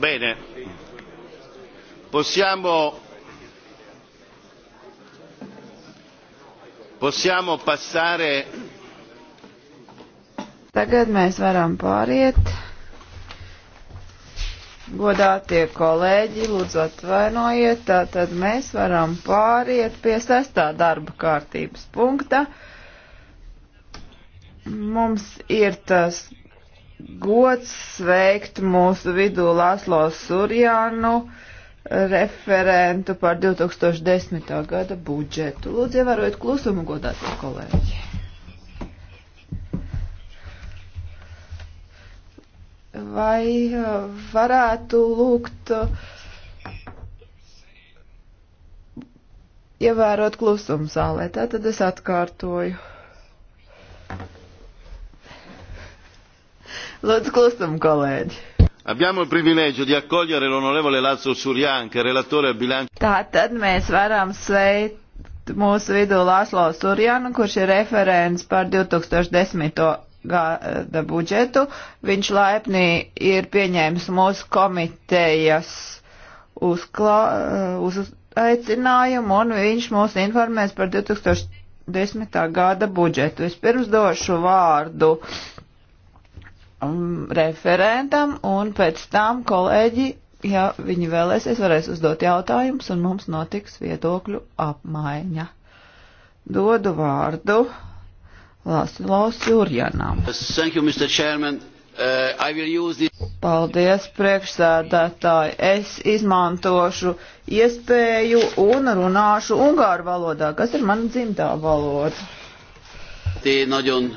Bene, possiamo, possiamo passare. Tagad mēs varam pāriet. Godātie kolēģi, lūdzu atvainojiet, tātad mēs varam pāriet pie sestā darba kārtības punkta. Mums ir tas gods sveikt mūsu vidū Laslo Surjānu, referentu par 2010. gada budžetu. Lūdzu, ievērojiet klusumu godātie kolēģi. Vai uh, varētu lūgt uh, ievērot klusumu zālē? Tātad es atkārtoju. Lūdzu, klusumu, kolēģi! Abbiamo il privilegio di accogliere l'onorevole Lazzo Surian, che è relatore al bilancio. Tātad mēs varam sveikt mūsu vidū Lāslo Surjanu, kurš ir referents par 2010 gada budžetu. Viņš laipni ir pieņēmis mūsu komitejas uzklā, uz aicinājumu un viņš mūs informēs par 2010. gada budžetu. Vispirms došu vārdu um, referentam, un pēc tam kolēģi, ja viņi vēlēsies, varēs uzdot jautājumus, un mums notiks viedokļu apmaiņa. Dodu vārdu Laslos Jurjanam. Thank you, Mr. Chairman. Uh, Paldies, priekšsēdētāji. Es izmantošu iespēju un runāšu ungāru valodā, kas ir mana dzimtā valoda. Tī, nagyon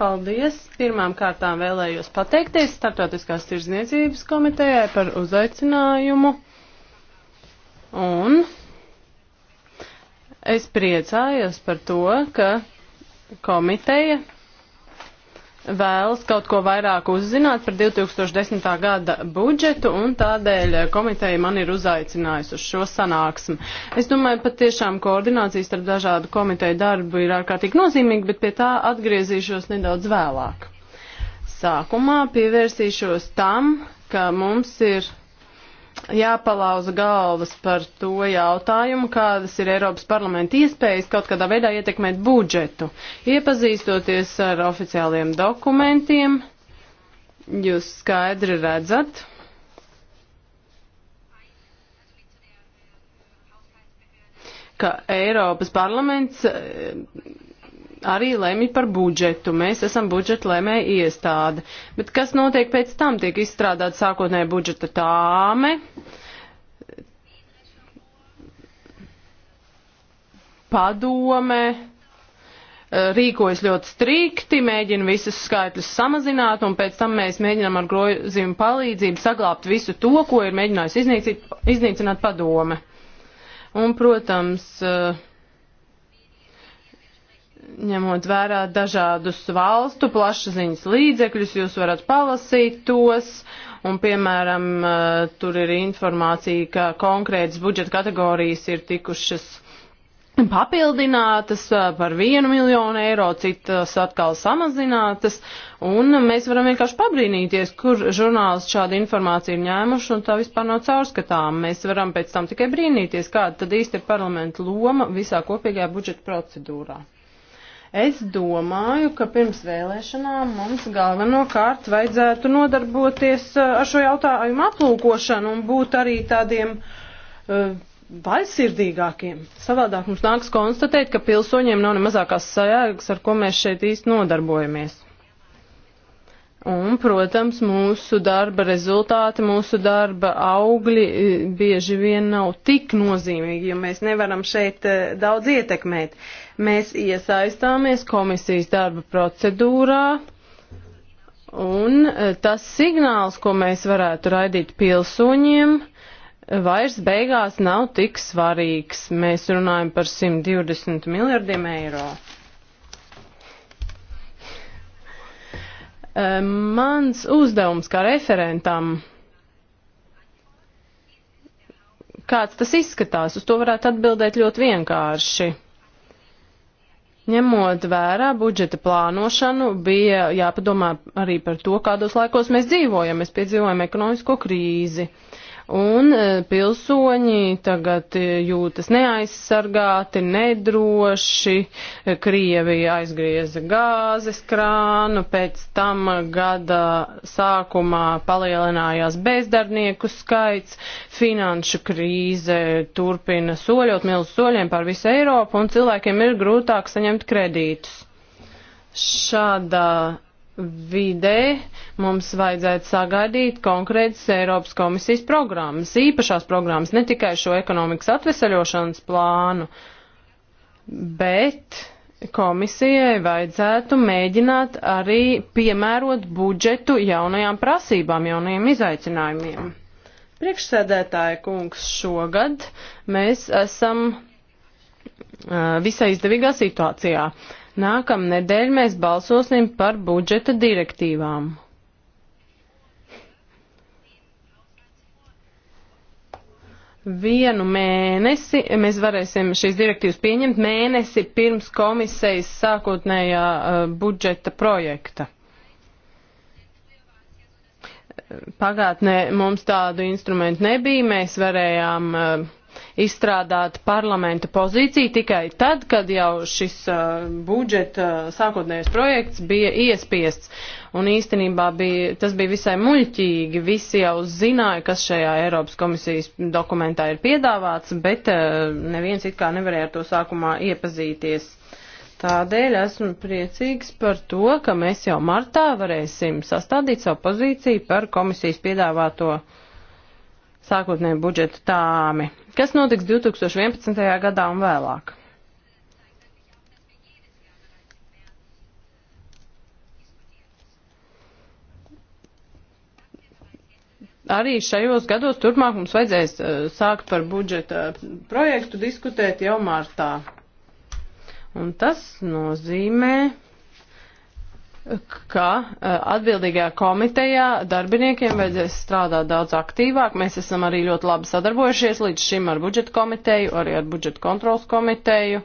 Paldies! Pirmām kārtām vēlējos pateikties Startautiskās tirzniecības komitejai par uzaicinājumu. Un es priecājos par to, ka komiteja vēlas kaut ko vairāk uzzināt par 2010. gada budžetu, un tādēļ komiteja man ir uzaicinājusi uz šo sanāksmi. Es domāju, pat tiešām koordinācijas starp dažādu komiteju darbu ir ārkārtīgi nozīmīgi, bet pie tā atgriezīšos nedaudz vēlāk. Sākumā pievērsīšos tam, ka mums ir jāpalauza galvas par to jautājumu, kādas ir Eiropas parlamenta iespējas kaut kādā veidā ietekmēt budžetu. Iepazīstoties ar oficiāliem dokumentiem, jūs skaidri redzat. ka Eiropas parlaments arī lemj par budžetu. Mēs esam budžeta lēmēja iestāde. Bet kas notiek pēc tam? Tiek izstrādāta sākotnēja budžeta tāme. Padome eh, rīkojas ļoti strikti, mēģina visus skaitļus samazināt, un pēc tam mēs mēģinām ar grozījumu palīdzību saglābt visu to, ko ir mēģinājusi iznīcināt, iznīcināt padome. Un, protams, uh, ņemot vērā dažādus valstu plašsaziņas līdzekļus, jūs varat palasīt tos, un, piemēram, tur ir informācija, ka konkrētas budžeta kategorijas ir tikušas papildinātas par vienu miljonu eiro, citas atkal samazinātas, un mēs varam vienkārši pabrīnīties, kur žurnālisti šādu informāciju ir ņēmuši, un tā vispār nav caurskatām. Mēs varam pēc tam tikai brīnīties, kāda tad īsti ir parlamenta loma visā kopīgajā budžeta procedūrā. Es domāju, ka pirms vēlēšanām mums galvenokārt vajadzētu nodarboties eh, ar šo jautājumu aplūkošanu un būt arī tādiem uh, vaļsirdīgākiem. Savādāk mums nāks konstatēt, ka pilsoņiem nav ne mazākās sajēgas, ar ko mēs šeit īsti nodarbojamies. Un, protams, mūsu darba rezultāti, mūsu darba augļi e, bieži vien nav tik nozīmīgi, jo mēs nevaram šeit e, daudz ietekmēt. Mēs iesaistāmies komisijas darba procedūrā, un e, tas signāls, ko mēs varētu raidīt pilsoņiem, vairs beigās nav tik svarīgs. Mēs runājam par 120 miljardiem eiro. Mans uzdevums kā referentam, kāds tas izskatās, uz to varētu atbildēt ļoti vienkārši. Ņemot vērā budžeta plānošanu, bija jāpadomā arī par to, kādos laikos mēs dzīvojam. Mēs piedzīvojam ekonomisko krīzi. Uh, un e, pilsoņi tagad e, jūtas neaizsargāti, nedroši, e, Krievija aizgrieza gāzes krānu, pēc tam gada sākumā palielinājās bezdarbnieku skaits, finanšu krīze turpina soļot milzu soļiem pār visu Eiropu, un cilvēkiem ir grūtāk saņemt kredītus. Šādā vidē mums vajadzētu sagaidīt konkrētas Eiropas komisijas programmas, īpašās programmas, ne tikai šo ekonomikas atvesaļošanas plānu, bet komisijai vajadzētu mēģināt arī piemērot budžetu jaunajām prasībām, jaunajiem izaicinājumiem. Priekšsēdētāja kungs šogad mēs esam visai izdevīgā situācijā. Uh, Nākamnedēļ mēs balsosim par budžeta direktīvām. Vienu mēnesi mēs varēsim šīs direktīvas pieņemt mēnesi pirms komisijas sākotnējā uh, budžeta projekta. Pagātnē mums tādu instrumentu nebija, mēs varējām uh, izstrādāt parlamenta pozīciju tikai tad, kad jau šis uh, budžeta uh, sākotnējais projekts bija iespiests. Un īstenībā bija, tas bija visai muļķīgi. Visi jau zināja, kas šajā Eiropas komisijas dokumentā ir piedāvāts, bet uh, neviens it kā nevarēja ar to sākumā iepazīties. Tādēļ esmu priecīgs par to, ka mēs jau martā varēsim sastādīt savu pozīciju par komisijas piedāvāto uh, sākotnēju budžetu tāmi. Kas notiks 2011. gadā un vēlāk? Arī šajos gados turpmāk mums vajadzēs uh, sākt par budžeta projektu diskutēt jau martā. Un tas nozīmē, ka eh, atbildīgajā komitejā darbiniekiem vajadzēs strādāt daudz aktīvāk. Mēs esam arī ļoti labi sadarbojušies līdz šim ar budžeta komiteju, arī ar budžeta kontrols komiteju.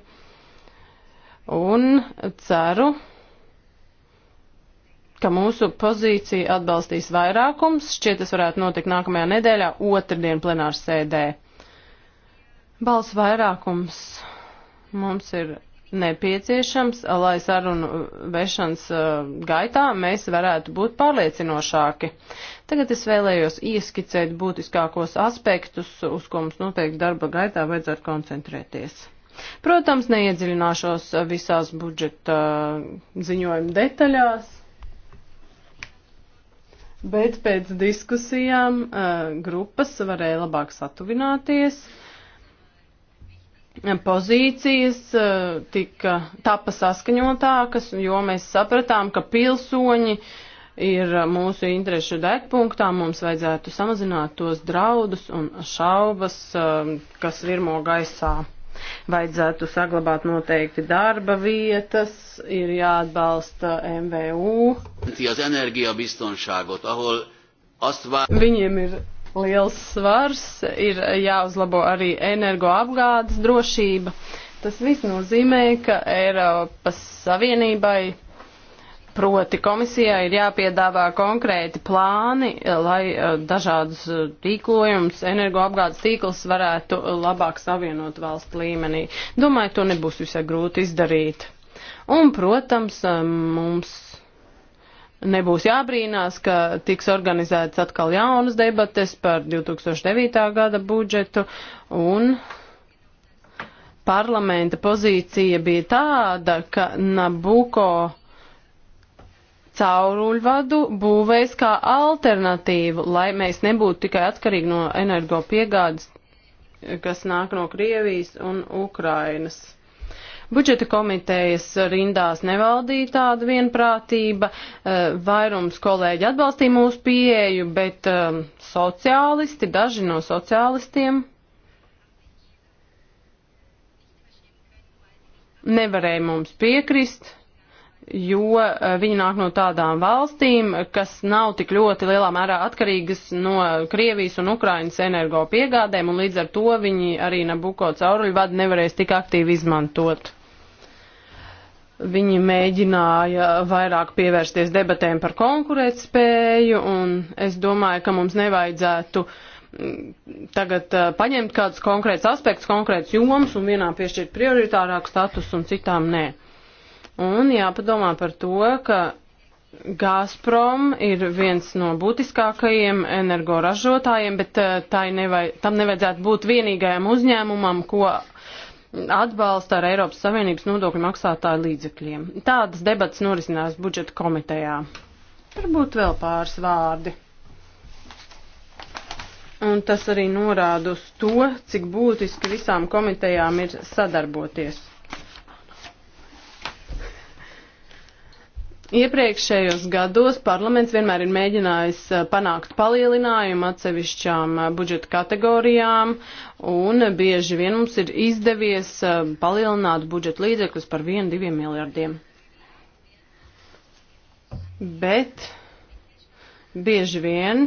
Un ceru, ka mūsu pozīciju atbalstīs vairākums. Šķiet, tas varētu notikt nākamajā nedēļā, otrdien plenārs sēdē. Balss vairākums mums ir nepieciešams, lai sarunu vešanas uh, gaitā mēs varētu būt pārliecinošāki. Tagad es vēlējos ieskicēt būtiskākos aspektus, uz ko mums noteikti darba gaitā vajadzētu koncentrēties. Protams, neiedziļināšos visās budžeta uh, ziņojuma detaļās, bet pēc diskusijām uh, grupas varēja labāk satuvināties. Uh, pozīcijas eh, tika tapa saskaņotākas, jo mēs sapratām, ka pilsoņi ir mūsu interešu degpunktā, mums vajadzētu samazināt tos draudus un šaubas, eh, kas virmo gaisā. Vajadzētu saglabāt noteikti darba vietas, ir jāatbalsta MVU. Viņiem ir liels svars, ir jāuzlabo arī energoapgādes drošība. Tas viss nozīmē, ka Eiropas Savienībai, proti komisijai, ir jāpiedāvā konkrēti plāni, lai eh, dažādus eh, tīklojumus, energoapgādes tīklus varētu eh, labāk savienot valstu līmenī. Domāju, to nebūs visai grūti izdarīt. Un, protams, mums Nebūs jābrīnās, ka tiks organizētas atkal jaunas debates par 2009. gada budžetu un parlamenta pozīcija bija tāda, ka Nabuko cauruļvadu būvēs kā alternatīvu, lai mēs nebūtu tikai atkarīgi no energo piegādes, kas nāk no Krievijas un Ukrainas. Budžeta komitejas rindās nevaldīja tāda vienprātība, eh, vairums kolēģi atbalstīja mūsu pieeju, bet eh, sociālisti, daži no sociālistiem nevarēja mums piekrist, jo eh, viņi nāk no tādām valstīm, kas nav tik ļoti lielā mērā atkarīgas no Krievijas un Ukrainas energo piegādēm, un līdz ar to viņi arī Nabuko cauruļu vadu nevarēs tik aktīvi izmantot. Viņi mēģināja vairāk pievērsties debatēm par konkurētspēju, un es domāju, ka mums nevajadzētu mm, tagad eh, paņemt kādus konkrētus aspektus, konkrētus jomas un vienām piešķirt prioritārāku statusu un citām nē. Un jāpadomā par to, ka Gazprom ir viens no būtiskākajiem energoražotājiem, bet eh, nevai, tam nevajadzētu būt vienīgajam uzņēmumam, ko atbalsta ar Eiropas Savienības nodokļu maksātāju līdzekļiem. Tādas debatas norisinās budžeta komitejā. Varbūt vēl pāris vārdi. Un tas arī norāda uz to, cik būtiski visām komitejām ir sadarboties. Iepriekšējos gados parlaments vienmēr ir mēģinājis eh, panākt palielinājumu atsevišķām eh, budžeta kategorijām, un bieži vien mums ir izdevies eh, palielināt budžeta līdzekļus par 1-2 miljardiem. Bet bieži vien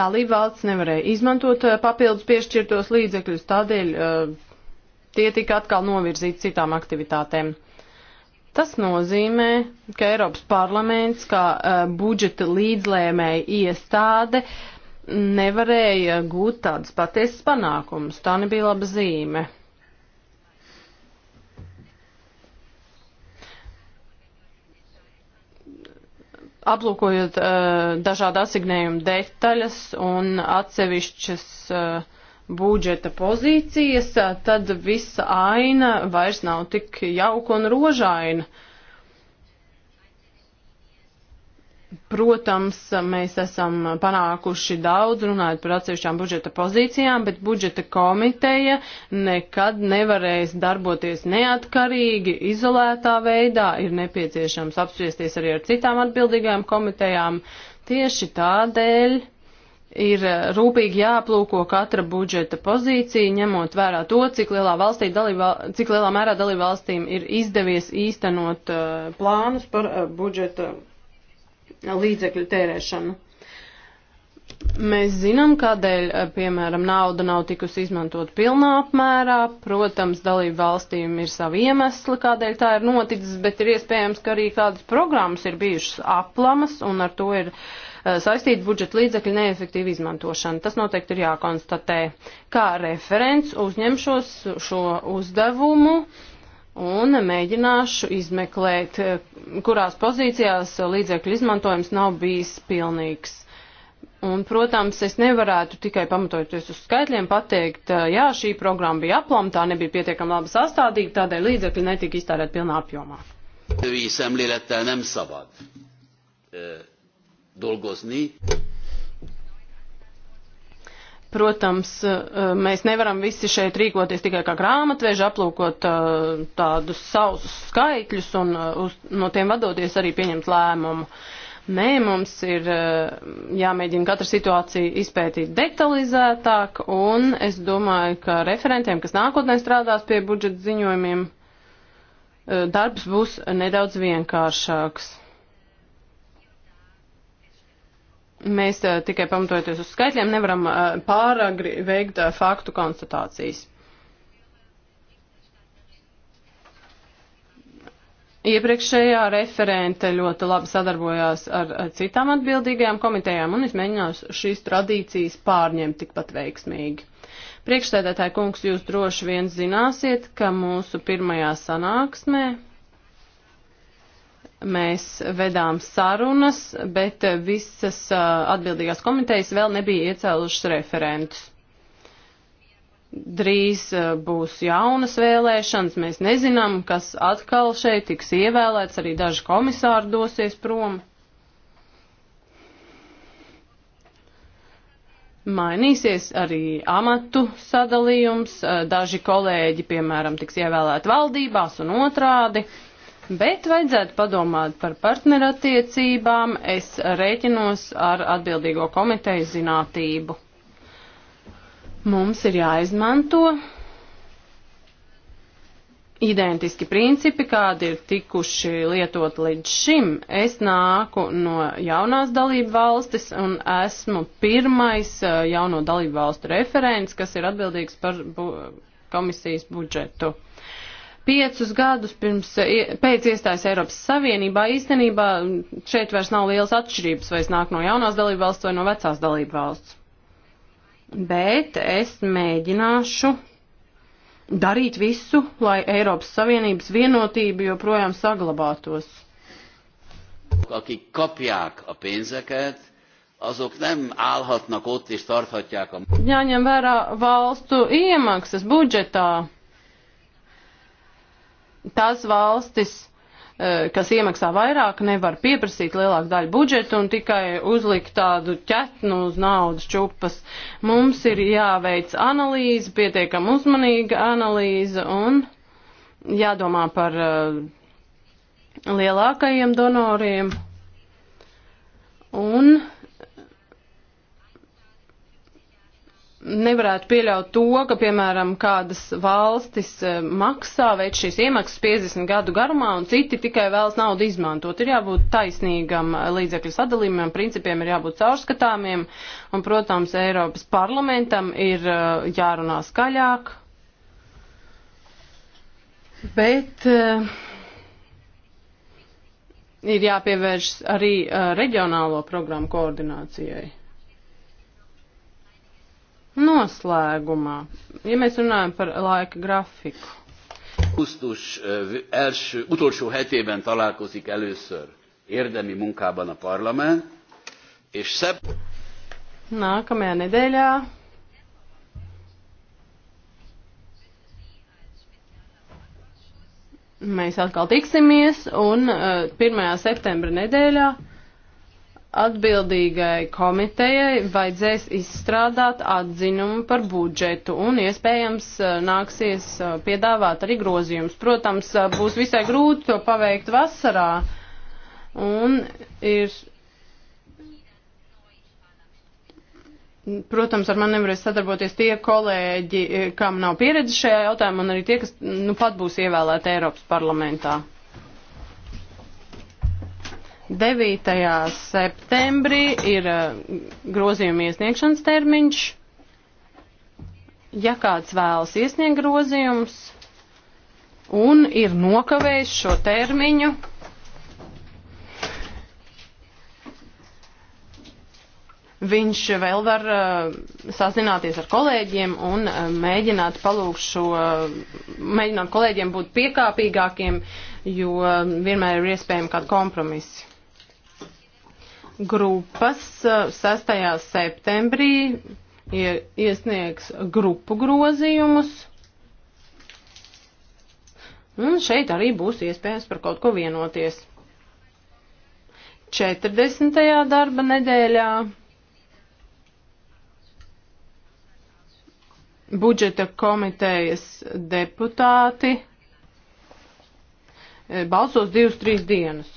dalībvalsts nevarēja izmantot papildus piešķirtos līdzekļus, tādēļ uh, tie tika atkal novirzīti citām aktivitātēm. Tas nozīmē, ka Eiropas parlaments kā uh, budžeta līdzlēmēja iestāde nevarēja gūt tādas patiesas panākumus. Tā nebija laba zīme. Aplūkojot uh, dažādu asignējumu detaļas un atsevišķas uh, budžeta pozīcijas, tad visa aina vairs nav tik jauka un rožaina. Protams, mēs esam panākuši daudz runājot par atsevišķām budžeta pozīcijām, bet budžeta komiteja nekad nevarēs darboties neatkarīgi, izolētā veidā. Ir nepieciešams apspriesties arī ar citām atbildīgām komitejām. Tieši tādēļ ir eh, rūpīgi jāplūko katra budžeta pozīcija, ņemot vērā to, cik lielā, valstī dalība, cik lielā mērā dalībvalstīm ir izdevies īstenot uh, plānus par uh, budžeta līdzekļu tērēšanu. Mēs zinām, kādēļ, eh, piemēram, nauda nav tikusi izmantot pilnā apmērā. Protams, dalību valstīm ir savi iemesli, kādēļ tā ir noticis, bet ir iespējams, ka arī kādas programmas ir bijušas aplamas un ar to ir eh, saistīta budžeta līdzekļu neefektīva izmantošana. Tas noteikti ir jākonstatē. Kā referents uzņemšos šo uzdevumu un mēģināšu izmeklēt, eh, kurās pozīcijās līdzekļu izmantojums nav bijis pilnīgs Un, protams, es nevarētu tikai pamatojoties uz skaitļiem pateikt, jā, šī programma bija aplam, tā nebija pietiekami labi sastādīta, tādēļ līdzekļi netika iztērēt pilnā apjomā. Protams, mēs nevaram visi šeit rīkoties tikai kā grāmatveži, aplūkot tādus sausus skaitļus un uz, no tiem vadoties arī pieņemt lēmumu. Uh, Nē, mums ir eh, jāmēģina katra situācija izpētīt detalizētāk, un es domāju, ka referentiem, kas nākotnē strādās pie budžeta ziņojumiem, eh, darbs būs nedaudz vienkāršāks. Mēs eh, tikai pamatojoties uz skaitļiem nevaram pāragri veikt faktu konstatācijas. Iepriekšējā referente ļoti labi sadarbojās ar citām atbildīgajām komitejām un es mēģināšu šīs tradīcijas pārņemt tikpat veiksmīgi. Priekšsēdētāji kungs, jūs droši vien zināsiet, ka mūsu pirmajā sanāksmē mēs vedām sarunas, bet visas uh, atbildīgās komitejas vēl nebija iecēlušas referentus drīz eh, būs jaunas vēlēšanas, mēs nezinām, kas atkal šeit tiks ievēlēts, arī daži komisāri dosies prom. Mainīsies arī amatu sadalījums, eh, daži kolēģi, piemēram, tiks ievēlēti valdībās un otrādi, bet vajadzētu padomāt par partnerattiecībām, es rēķinos ar atbildīgo komiteju zinātību. Mums ir jāizmanto identiski principi, kādi ir tikuši lietot līdz šim. Es nāku no jaunās dalību valstis un esmu pirmais eh, jauno dalību valstu referents, kas ir atbildīgs par bu komisijas budžetu. Piecus gadus pirms, eh, pēc iestājas Eiropas Savienībā īstenībā šeit vairs nav liels atšķirības, vai es nāku no jaunās dalību valsts vai no vecās dalību valsts bet es mēģināšu darīt visu, lai Eiropas Savienības vienotība joprojām saglabātos. Akik kapják a pénzeket, azok nem állhatnak ott és tarthatják a... Jāņem vērā valstu iemaksas budžetā. Tās valstis, Eh, kas iemaksā vairāk, nevar pieprasīt lielāku daļu budžetu un tikai uzlikt tādu ķetnu uz naudas čupas. Mums ir jāveic analīze, pietiekam uzmanīga analīze un jādomā par eh, lielākajiem donoriem. Un nevarētu pieļaut to, ka, piemēram, kādas valstis e, maksā veic šīs iemaksas 50 gadu garumā un citi tikai vēlas naudu izmantot. Ir jābūt taisnīgam e, līdzekļu sadalījumam, principiem ir jābūt caurskatāmiem un, protams, Eiropas parlamentam ir e, jārunā skaļāk. Bet ir jāpievērš arī reģionālo programmu koordinācijai. Noslēgumā, ja mēs runājam par laika grafiku. Augusztus eh, első, utolsó hetében találkozik először érdemi munkában a parlament, és szep... Nākamajā nedēļā mēs atkal tiksimies, un uh, eh, 1. septembra nedēļā atbildīgai komitejai vajadzēs izstrādāt atzinumu par budžetu un iespējams eh, nāksies eh, piedāvāt arī grozījumus. Protams, eh, būs visai grūti to paveikt vasarā un ir. Protams, ar mani nevarēs sadarboties tie kolēģi, kam nav pieredze šajā jautājumā, un arī tie, kas nu pat būs ievēlēti Eiropas parlamentā. 9. septembrī ir eh, grozījuma iesniegšanas termiņš. Ja kāds vēlas iesniegt grozījumus un ir nokavējis šo termiņu, viņš vēl var uh, sazināties ar kolēģiem un uh, mēģināt palūgt šo, uh, mēģināt kolēģiem būt piekāpīgākiem, jo uh, vienmēr ir iespējami kādi kompromisi grupas 6. Eh, septembrī iesniegs grupu grozījumus. Un šeit arī būs iespējas par kaut ko vienoties. 40. darba nedēļā budžeta komitejas deputāti eh, balsos divas, trīs dienas.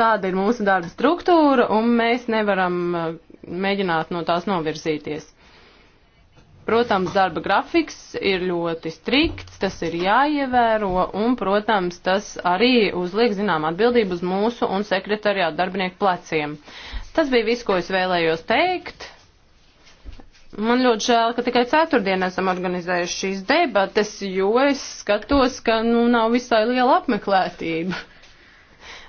Tāda ir mūsu darba struktūra, un mēs nevaram eh, mēģināt no tās novirzīties. Protams, darba grafiks ir ļoti strikts, tas ir jāievēro, un, protams, tas arī uzliek zinām atbildību uz mūsu un sekretariātu darbinieku pleciem. Tas bija viss, ko es vēlējos teikt. Man ļoti žēl, ka tikai ceturtdien esam organizējuši šīs debates, jo es skatos, ka nu nav visai liela apmeklētība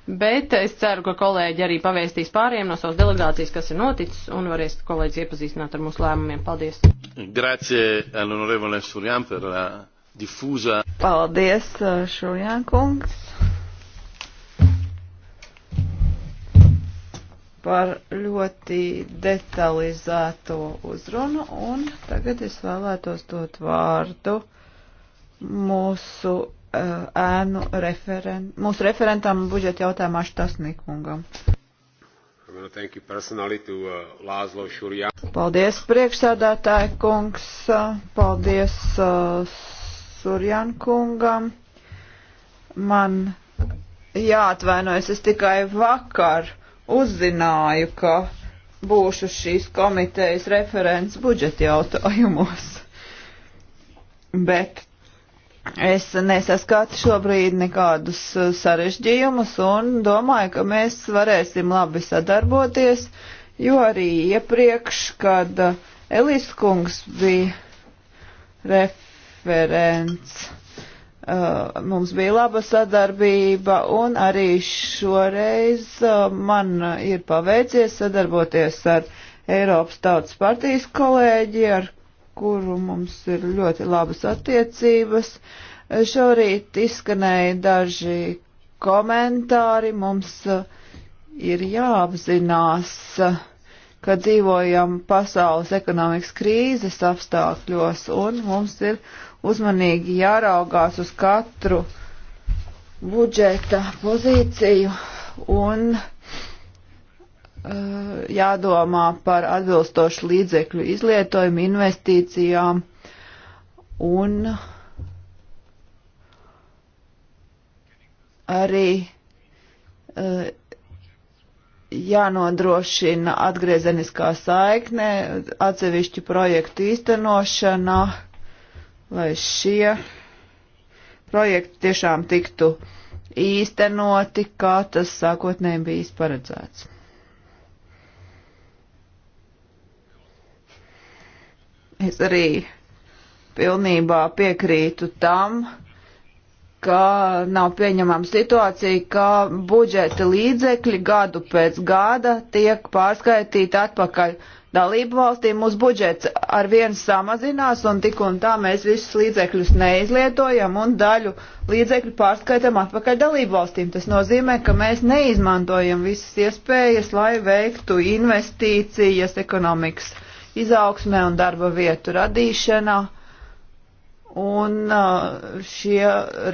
bet es ceru, ka kolēģi arī pavēstīs pāriem no savas delegācijas, kas ir noticis, un varēs kolēģis iepazīstināt ar mūsu lēmumiem. Paldies! Grazie all'onorevole Surjan per la diffusa. Paldies, Šurjan uh, kungs! par ļoti detalizēto uzrunu, un tagad es vēlētos dot vārdu mūsu Uh, ēnu referent, mūsu referentam budžeta jautājumā Štasnikungam. Uh, paldies, priekšsēdētāji kungs, paldies uh, Surjan kungam. Man jāatvainojas, es tikai vakar uzzināju, ka būšu šīs komitejas referents budžeta jautājumos. Bet Es nesaskatu šobrīd nekādus uh, sarežģījumus un domāju, ka mēs varēsim labi sadarboties, jo arī iepriekš, kad uh, Elis kungs bija referents, uh, mums bija laba sadarbība un arī šoreiz man ir paveicies sadarboties ar Eiropas Tautas partijas kolēģi, ar kuru mums ir ļoti labas attiecības. Šorīt izskanēja daži komentāri. Mums eh, ir jāapzinās, ka dzīvojam pasaules ekonomikas krīzes apstākļos un mums ir uzmanīgi jāraugās uz katru budžeta pozīciju un uh, Eh, jādomā par atbilstošu līdzekļu izlietojumu, investīcijām un arī eh, jānodrošina atgriezeniskā saikne atsevišķu projektu īstenošana, lai šie projekti tiešām tiktu īstenoti, kā tas sākotnēji bijis paredzēts. Es arī pilnībā piekrītu tam, ka nav pieņemama situācija, ka budžeta līdzekļi gadu pēc gada tiek pārskaitīti atpakaļ dalību valstīm. Mūsu budžets ar vienu samazinās un tik un tā mēs visus līdzekļus neizlietojam un daļu līdzekļu pārskaitam atpakaļ dalību valstīm. Tas nozīmē, ka mēs neizmantojam visas iespējas, lai veiktu investīcijas ekonomikas izaugsmē un darba vietu radīšanā. Un uh, šie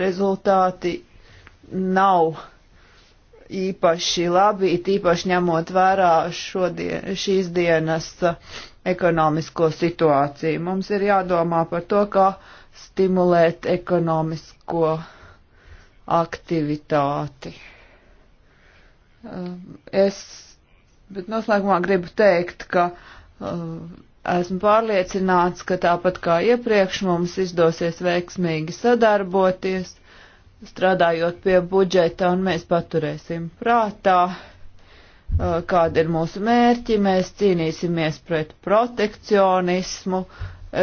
rezultāti nav īpaši labi, tīpaši ņemot vērā šodien, šīs dienas uh, ekonomisko situāciju. Mums ir jādomā par to, kā stimulēt ekonomisko aktivitāti. Um, es, bet noslēgumā gribu teikt, ka uh, Uh, esmu pārliecināts, ka tāpat kā iepriekš mums izdosies veiksmīgi sadarboties, strādājot pie budžeta, un mēs paturēsim prātā, uh, kāda ir mūsu mērķi. Mēs cīnīsimies pret protekcionismu,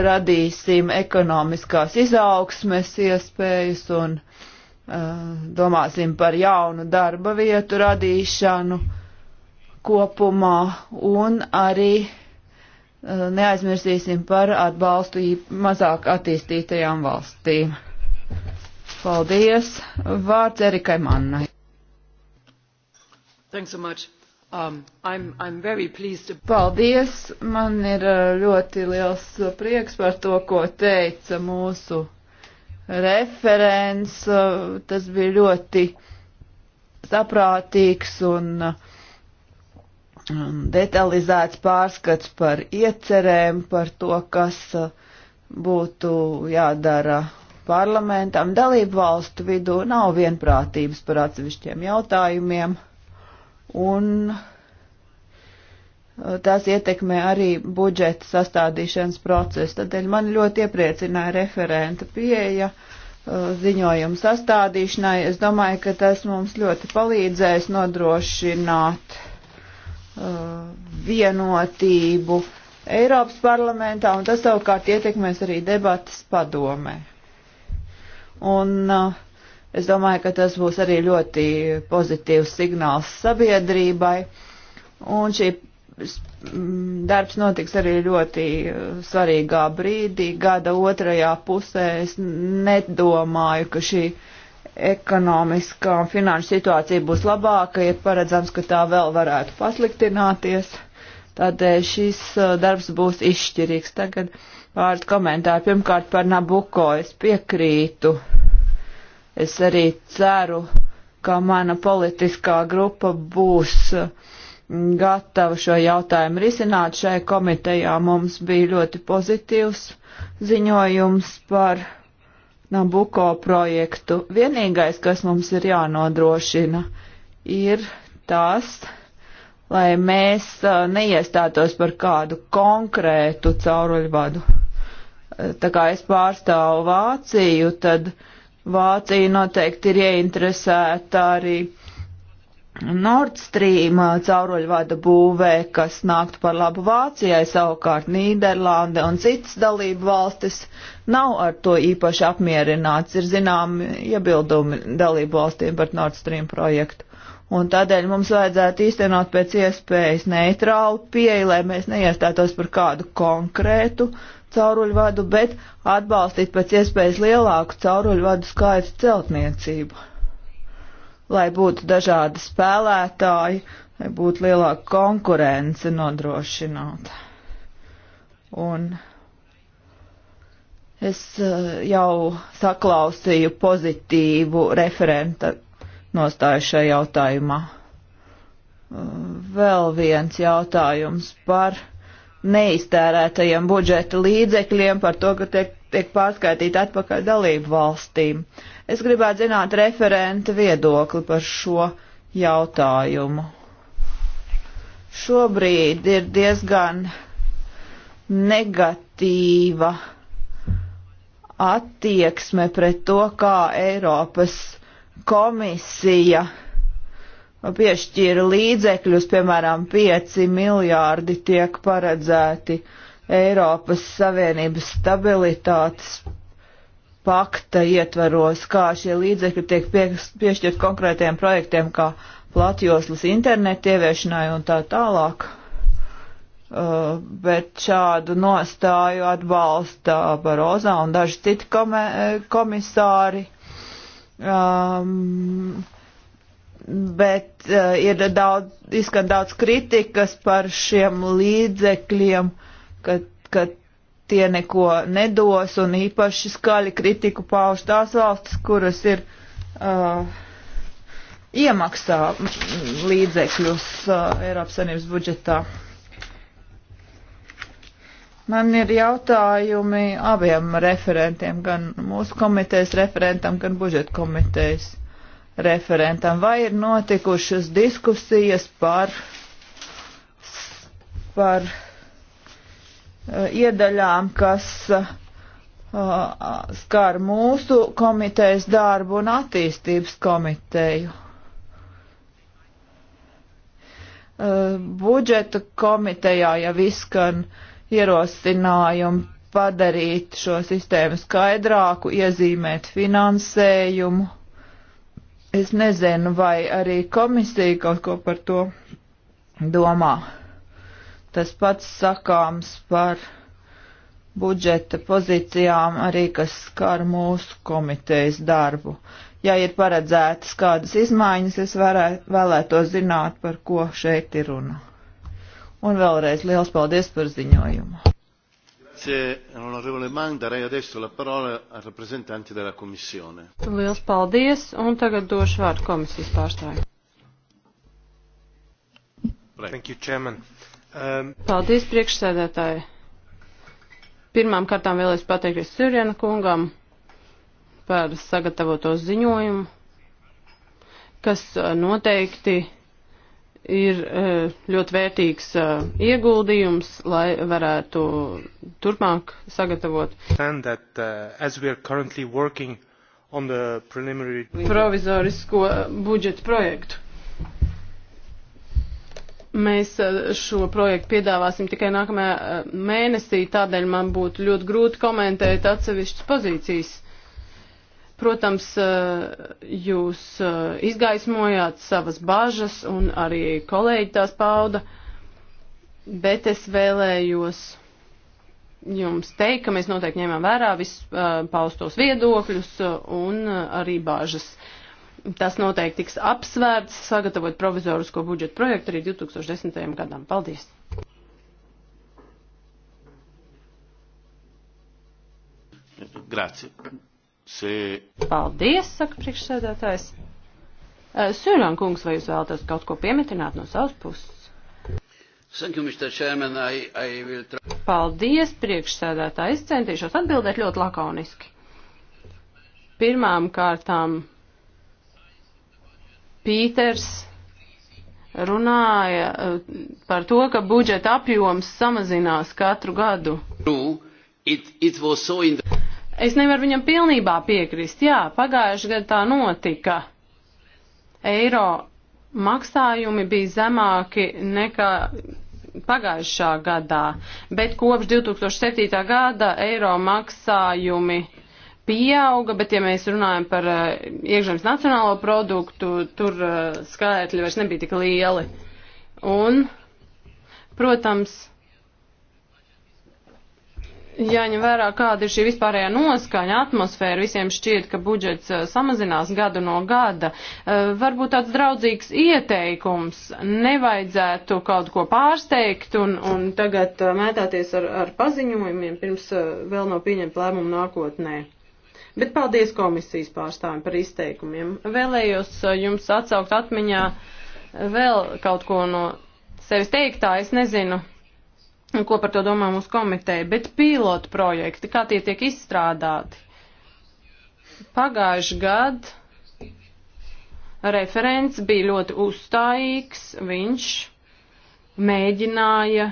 radīsim ekonomiskās izaugsmes iespējas un uh, domāsim par jaunu darba vietu radīšanu kopumā un arī Eh, neaizmirsīsim par atbalstu mazāk attīstītajām valstīm. Paldies. Vārds Erikai Mannai. Thanks so much. Um, I'm, I'm very pleased. To... Paldies. Man ir eh, ļoti liels prieks par to, ko teica mūsu referents. Eh, tas bija ļoti saprātīgs un uh, Um, detalizēts pārskats par iecerēm, par to, kas uh, būtu jādara parlamentam. Dalību valstu vidū nav vienprātības par atsevišķiem jautājumiem, un uh, tās ietekmē arī budžeta sastādīšanas procesu. Tādēļ man ļoti iepriecināja referenta pieeja uh, ziņojumu sastādīšanai. Es domāju, ka tas mums ļoti palīdzēs nodrošināt Uh, vienotību Eiropas parlamentā, un tas savukārt ietekmēs arī debatas padomē. Un uh, es domāju, ka tas būs arī ļoti pozitīvs signāls sabiedrībai, un šī mm, darbs notiks arī ļoti uh, svarīgā brīdī, gada otrajā pusē. Es nedomāju, ka šī uh, ekonomiskā un finanšu situācija būs labāka, ir paredzams, ka tā vēl varētu pasliktināties. Tādēļ šis uh, darbs būs izšķirīgs. Tagad vārds komentāri. Pirmkārt par Nabuko es piekrītu. Es arī ceru, ka mana politiskā grupa būs uh, gatava šo jautājumu risināt. Šai komitejā mums bija ļoti pozitīvs ziņojums par Nabuko projektu. Vienīgais, kas mums ir jānodrošina, ir tas, lai mēs neiestātos par kādu konkrētu cauruļvadu. Tā kā es pārstāvu Vāciju, tad Vācija noteikti ir ieinteresēta arī uh, Nord Stream uh, cauruļvada būvē, kas nāktu par labu Vācijai, savukārt Nīderlande un citas dalību valstis nav ar to īpaši apmierināts. Ir zināmi iebildumi dalību valstīm par Nord Stream projektu. Un tādēļ mums vajadzētu īstenot pēc iespējas neitrālu pieeju, lai mēs neiestātos par kādu konkrētu cauruļvadu, bet atbalstīt pēc iespējas lielāku cauruļvadu skaitu celtniecību lai būtu dažādi spēlētāji, lai būtu lielāka konkurence nodrošināta. Un es eh, jau saklausīju pozitīvu referenta nostāju šajā jautājumā. Eh, vēl viens jautājums par neiztērētajiem budžeta līdzekļiem, par to, ka tiek, tiek pārskaitīti atpakaļ dalību valstīm. Uh, Es gribētu zināt referenta viedokli par šo jautājumu. Šobrīd ir diezgan negatīva attieksme pret to, kā Eiropas komisija piešķīra līdzekļus, piemēram, 5 miljārdi tiek paredzēti Eiropas Savienības stabilitātes pakta ietvaros, kā šie līdzekļi tiek pie, piešķirt konkrētiem projektiem, kā platjoslas internetu ieviešanai un tā tālāk. Uh, bet šādu nostāju atbalsta Barozā un daži citi komisāri. Um, bet uh, ir daudz, izskan daudz kritikas par šiem līdzekļiem, ka, ka tie neko nedos un īpaši skaļi kritiku pauž tās valstis, kuras ir uh, iemaksā līdzekļus uh, Eiropas Savienības budžetā. Man ir jautājumi abiem referentiem, gan mūsu komitejas referentam, gan budžeta komitejas referentam. Vai ir notikušas diskusijas par, par uh, Eh, iedaļām, kas eh, skar mūsu komitejas darbu un attīstības komiteju. Eh, budžeta komitejā jau izskan ierosinājumi padarīt šo sistēmu skaidrāku, iezīmēt finansējumu. Es nezinu, vai arī komisija kaut ko par to domā. Tas pats sakāms par budžeta pozīcijām arī, kas skar mūsu komitejas darbu. Ja ir paredzētas kādas izmaiņas, es varētu, vēlētos zināt, par ko šeit ir runa. Un vēlreiz liels paldies par ziņojumu. Liels paldies, un tagad došu vārdu komisijas pārstāvjiem. Thank you, Chairman. Uh, Um... Paldies, priekšsēdētāji. Pirmām kārtām vēlēs pateikties Sirjana kungam par sagatavoto ziņojumu, kas uh, noteikti ir uh, ļoti vērtīgs uh, ieguldījums, lai varētu turpmāk sagatavot. That, uh, preliminary... provizorisko budžetu projektu. Mēs uh, šo projektu piedāvāsim tikai nākamajā uh, mēnesī, tādēļ man būtu ļoti grūti komentēt atsevišķas pozīcijas. Protams, uh, jūs izgaismojāt savas bažas un arī kolēģi tās pauda, bet es vēlējos jums teikt, ka mēs noteikti ņēmām vērā visus paustos viedokļus un arī bažas. Uh, Tas noteikti tiks apsvērts, sagatavot provizorisko budžetu projektu arī 2010. gadam. Paldies! Grāci. Se... Paldies, saka priekšsēdētājs. Eh, Sūrāna kungs, vai jūs vēlaties kaut ko piemetināt no savas puses? Thank you, Mr. Chairman. I, I will try... Paldies, priekšsēdētāji. Es centīšos atbildēt ļoti lakoniski. Pirmām kārtām Pīters runāja uh, par to, ka budžeta apjoms samazinās katru gadu. It, it so the... Es nevaru viņam pilnībā piekrist. Jā, pagājuši gadu tā notika. Eiro maksājumi bija zemāki nekā pagājušā gadā, bet kopš 2007. gada eiro maksājumi pieauga, bet ja mēs runājam par eh, iekšzemes nacionālo produktu, tur eh, skaitļi vairs nebija tik lieli. Un, protams, jāņem vērā, kāda ir šī vispārējā noskaņa, atmosfēra. Visiem šķiet, ka budžets eh, samazinās gadu no gada. Varbūt tāds draudzīgs ieteikums. Nevajadzētu kaut ko pārsteigt un, un tagad mētāties ar, ar paziņojumiem, pirms vēl nav pieņemt lēmumu nākotnē. Bet paldies komisijas pārstāvjiem par izteikumiem. Vēlējos uh, jums atsaukt atmiņā vēl kaut ko no sevis teiktā. Es nezinu, ko par to domā mūsu komiteja, bet pilotu projekti, kā tie tiek izstrādāti. Pagājuši gadu referents bija ļoti uzstājīgs, viņš mēģināja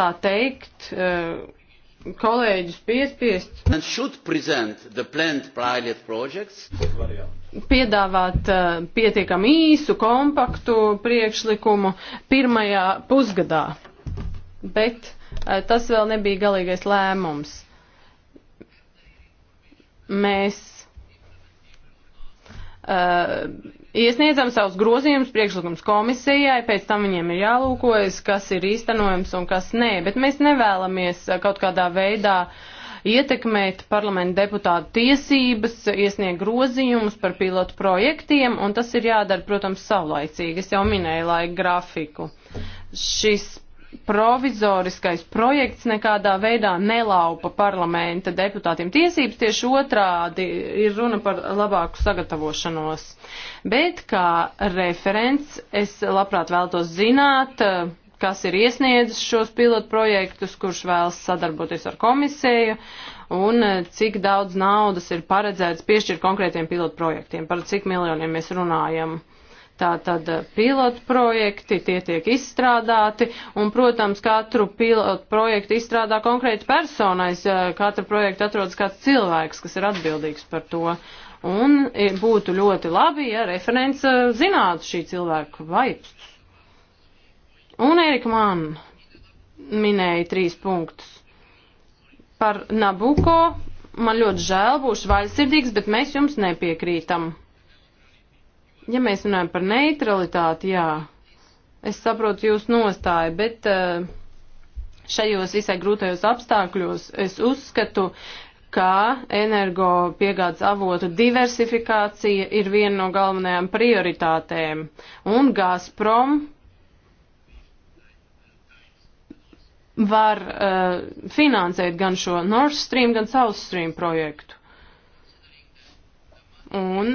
tā teikt, uh, kolēģus piespiest piedāvāt uh, pietiekami īsu, kompaktu priekšlikumu pirmajā pusgadā. Bet uh, tas vēl nebija galīgais lēmums. Mēs Uh, iesniedzam savus grozījumus, priekšlikums komisijai, pēc tam viņiem ir jālūkojas, kas ir īstenojams un kas nē, bet mēs nevēlamies uh, kaut kādā veidā ietekmēt parlamentu deputātu tiesības, iesniegt grozījumus par pilotu projektiem, un tas ir jādara, protams, saulaicīgi. Es jau minēju laika grafiku. Šis provizoriskais projekts nekādā veidā nelaupa parlamenta deputātiem tiesības, tieši otrādi ir runa par labāku sagatavošanos. Bet kā referents es labprāt vēltos zināt, eh, kas ir iesniedzis šos pilotu projektus, kurš vēlas sadarboties ar komisiju un eh, cik daudz naudas ir paredzēts piešķirt konkrētiem pilotu projektiem, par cik miljoniem mēs runājam. Uh, Tātad eh, pilotu projekti, tie tiek izstrādāti, un, protams, katru pilotu projektu izstrādā konkrēti personais, katra projekta atrodas kāds cilvēks, kas ir atbildīgs par to. Un eh, būtu ļoti labi, ja referents eh, zinātu šī cilvēka vaipstus. Un Erika man minēja trīs punktus. Par Nabuko man ļoti žēl, būšu vaļsirdīgs, bet mēs jums nepiekrītam. Ja mēs runājam par neutralitāti, jā, es saprotu jūs nostāju, bet eh, šajos visai grūtajos apstākļos es uzskatu, ka energo piegādes avotu diversifikācija ir viena no galvenajām prioritātēm. Un Gazprom var uh, finansēt gan šo Nord Stream, gan South Stream projektu. Un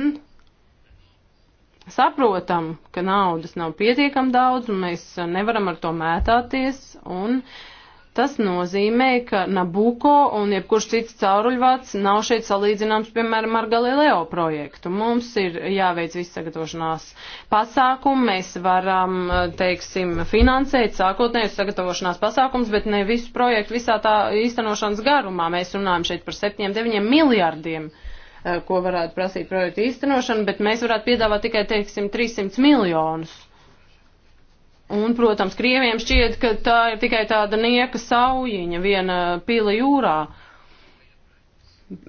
saprotam, ka naudas nav pietiekam daudz un mēs nevaram ar to mētāties un tas nozīmē, ka Nabuko un jebkurš cits cauruļvats nav šeit salīdzināms, piemēram, ar Galileo projektu. Mums ir jāveic viss sagatavošanās pasākumi, mēs varam, teiksim, finansēt sākotnējus sagatavošanās pasākums, bet ne visu projektu visā tā īstenošanas garumā. Mēs runājam šeit par 7-9 miljārdiem. Uh, Eh, ko varētu prasīt projektu īstenošana, bet mēs varētu piedāvāt tikai, teiksim, 300 miljonus. Un, protams, krieviem šķiet, ka tā ir tikai tāda nieka saujiņa, viena pila jūrā,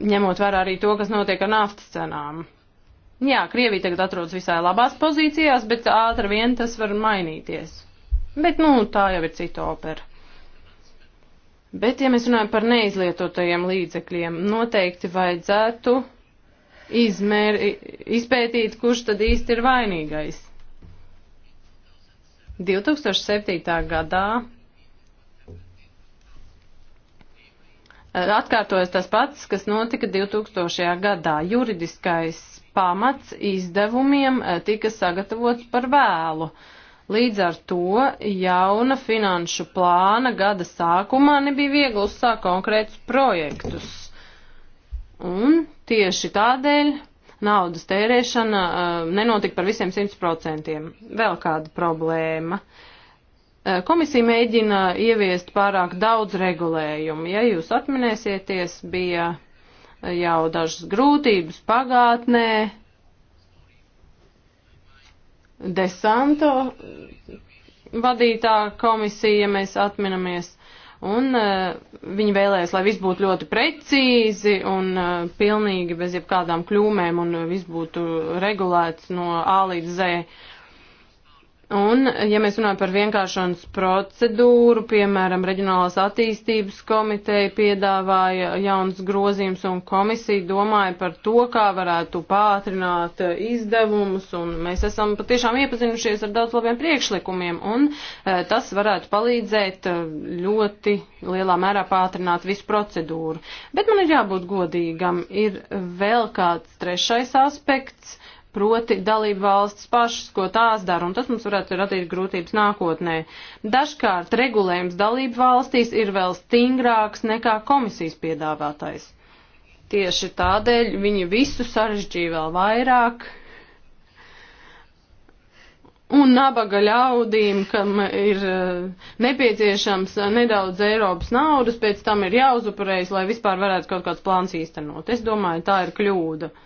ņemot vērā arī to, kas notiek ar naftas cenām. Jā, Krievija tagad atrodas visai labās pozīcijās, bet ātri vien tas var mainīties. Bet, nu, tā jau ir cita opera. Bet, ja mēs runājam par neizlietotajiem līdzekļiem, noteikti vajadzētu izmēr, izpētīt, kurš tad īsti ir vainīgais. 2007. gadā atkārtojas tas pats, kas notika 2000. gadā. Juridiskais pamats izdevumiem eh, tika sagatavots par vēlu. Līdz ar to jauna finanšu plāna gada sākumā nebija viegli uzsākt konkrētus projektus. Un Tieši tādēļ naudas tērēšana uh, nenotika par visiem 100%. Vēl kāda problēma. Uh, komisija mēģina ieviest pārāk daudz regulējumu. Ja jūs atminēsieties, bija jau dažas grūtības pagātnē. Desanto vadītā komisija, ja mēs atminamies, Un uh, viņi vēlējās, lai viss būtu ļoti precīzi un uh, pilnīgi bez jebkādām kļūmēm un eh, viss būtu regulēts no A līdz Z. Uh, Un, ja mēs runājam par vienkāršanas procedūru, piemēram, Reģionālās attīstības komiteja piedāvāja jauns grozījums un komisija domāja par to, kā varētu pātrināt izdevumus, un mēs esam patiešām iepazinušies ar daudz labiem priekšlikumiem, un e, tas varētu palīdzēt eh, ļoti lielā mērā pātrināt visu procedūru. Bet man ir jābūt godīgam, ir vēl kāds trešais aspekts proti dalību valsts pašas, ko tās dara, un tas mums varētu radīt grūtības nākotnē. Dažkārt regulējums dalību valstīs ir vēl stingrāks nekā komisijas piedāvātais. Tieši tādēļ viņi visu sarežģīja vēl vairāk. Un nabaga ļaudīm, kam ir eh, nepieciešams eh, nedaudz Eiropas naudas, pēc tam ir jāuzuparējis, lai vispār varētu kaut kāds plāns īstenot. Es domāju, tā ir kļūda. Uh,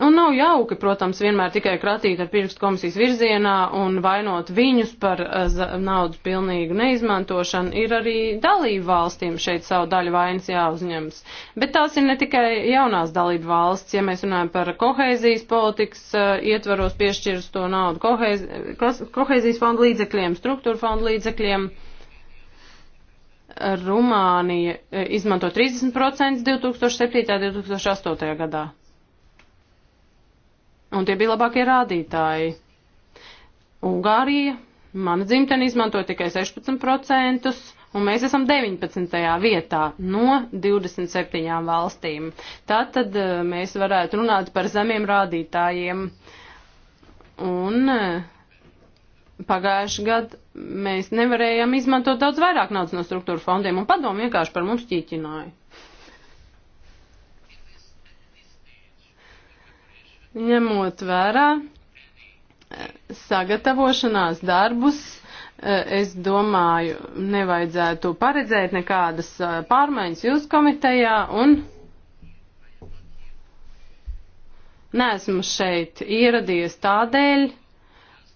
Un nu, nav jauki, protams, vienmēr tikai kratīt ar pirkstu komisijas virzienā un vainot viņus par eh, naudas pilnīgu neizmantošanu. Ir arī dalību valstīm šeit savu daļu vainas jāuzņems. Bet tās ir ne tikai jaunās dalību valsts. Ja mēs runājam par kohēzijas politikas eh, ietvaros piešķirs to naudu kohēzijas fondu līdzekļiem, struktūra fondu līdzekļiem. Rumānija eh, izmanto 30% 2007. un 2008. gadā. Un tie bija labākie rādītāji. Ungārija, mana dzimtene, izmanto tikai 16%, un mēs esam 19. vietā no 27 valstīm. Tātad eh, mēs varētu runāt par zemiem rādītājiem. Un eh, pagājuši gadu mēs nevarējām izmantot daudz vairāk naudas no struktūra fondiem, un padomu vienkārši par mums ķīķināja. ņemot vērā eh, sagatavošanās darbus, eh, es domāju, nevajadzētu paredzēt nekādas eh, pārmaiņas jūsu komitejā un neesmu šeit ieradies tādēļ,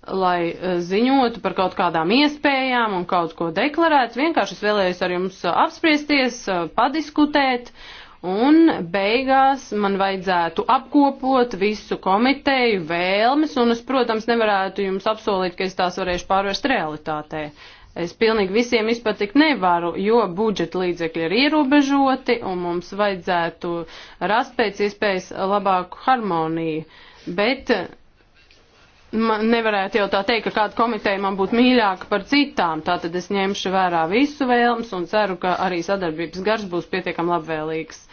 lai ziņotu par kaut kādām iespējām un kaut ko deklarētu. Vienkārši es vēlējos ar jums apspriesties, padiskutēt. Uh, un beigās man vajadzētu apkopot visu komiteju vēlmes, un es, protams, nevarētu jums apsolīt, ka es tās varēšu pārvērst realitātē. Es pilnīgi visiem izpatikt nevaru, jo budžeta līdzekļi ir ierobežoti, un mums vajadzētu rast pēc iespējas labāku harmoniju. Bet man nevarētu jau tā teikt, ka kāda komiteja man būtu mīļāka par citām. Tātad es ņemšu vērā visu vēlmes un ceru, ka arī sadarbības gars būs pietiekam labvēlīgs.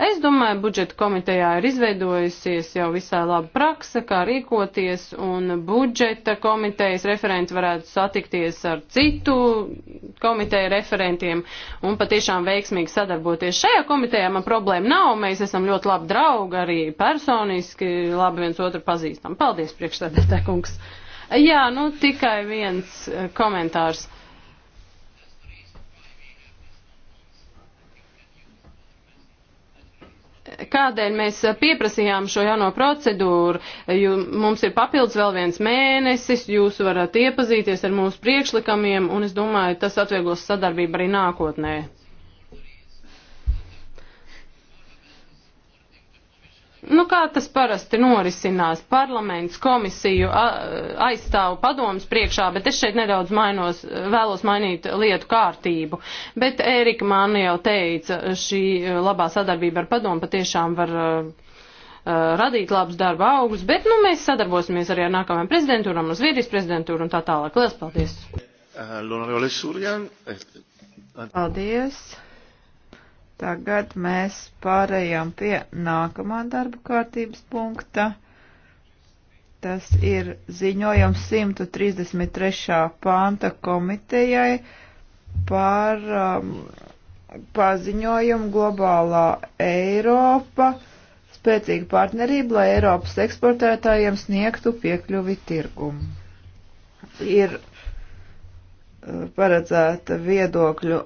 Es domāju, budžeta komitejā ir izveidojusies jau visai laba praksa, kā rīkoties, un budžeta komitejas referenti varētu satikties ar citu komiteju referentiem un patiešām veiksmīgi sadarboties. Šajā komitejā man problēma nav, mēs esam ļoti labi draugi, arī personiski labi viens otru pazīstam. Paldies, priekšsēdētāj kungs. Jā, nu tikai viens komentārs. kādēļ mēs pieprasījām šo jauno procedūru. Jo mums ir papildus vēl viens mēnesis, jūs varat iepazīties ar mūsu priekšlikumiem, un es domāju, tas atvieglos sadarbību arī nākotnē. Nu, kā tas parasti norisinās? Parlaments komisiju aizstāv padomus priekšā, bet es šeit nedaudz mainos, vēlos mainīt lietu kārtību. Bet Ērika man jau teica, šī e, labā sadarbība ar padomu patiešām var uh, radīt labus darba augus, bet nu, mēs sadarbosimies arī ar nākamajām prezidentūram, ar Zviedrijas prezidentūru un tā tālāk. Lielas paldies! Eh, eh, paldies! Tagad mēs pārējām pie nākamā darba kārtības punkta. Tas ir ziņojums 133. panta komitejai par um, paziņojumu globālā Eiropa, spēcīga partnerība, lai Eiropas eksportētājiem sniegtu piekļuvi tirgumu. Ir uh, paredzēta viedokļu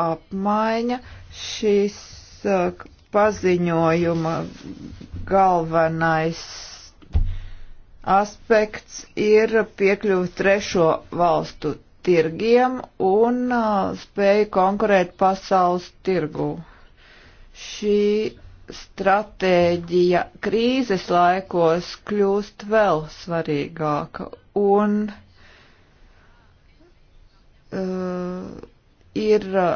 apmaiņa. Šis uh, paziņojuma galvenais aspekts ir piekļuvi trešo valstu tirgiem un uh, spēja konkurēt pasaules tirgu. Šī stratēģija krīzes laikos kļūst vēl svarīgāka un uh, ir uh,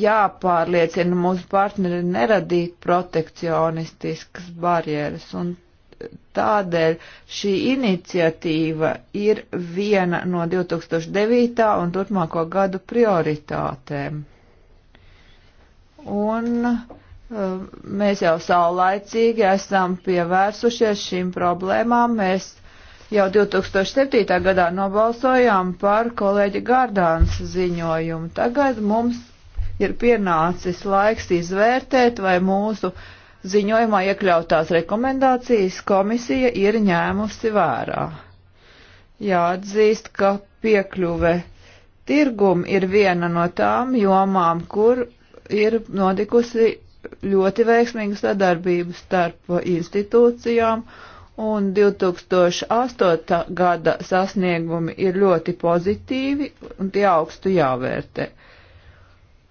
jāpārliecina mūsu partneri neradīt protekcionistiskas barjeras, un tādēļ šī iniciatīva ir viena no 2009. un turpmāko gadu prioritātēm. Un uh, mēs jau saulaicīgi esam pievērsušies šīm problēmām, mēs Jau 2007. gadā nobalsojām par kolēģi Gardāns ziņojumu. Tagad mums ir pienācis laiks izvērtēt, vai mūsu ziņojumā iekļautās rekomendācijas komisija ir ņēmusi vērā. Jāatzīst, ka piekļuve tirgum ir viena no tām jomām, kur ir notikusi ļoti veiksmīga sadarbība starp institūcijām, uh, un 2008. gada sasniegumi ir ļoti pozitīvi un tie augstu jāvērtē.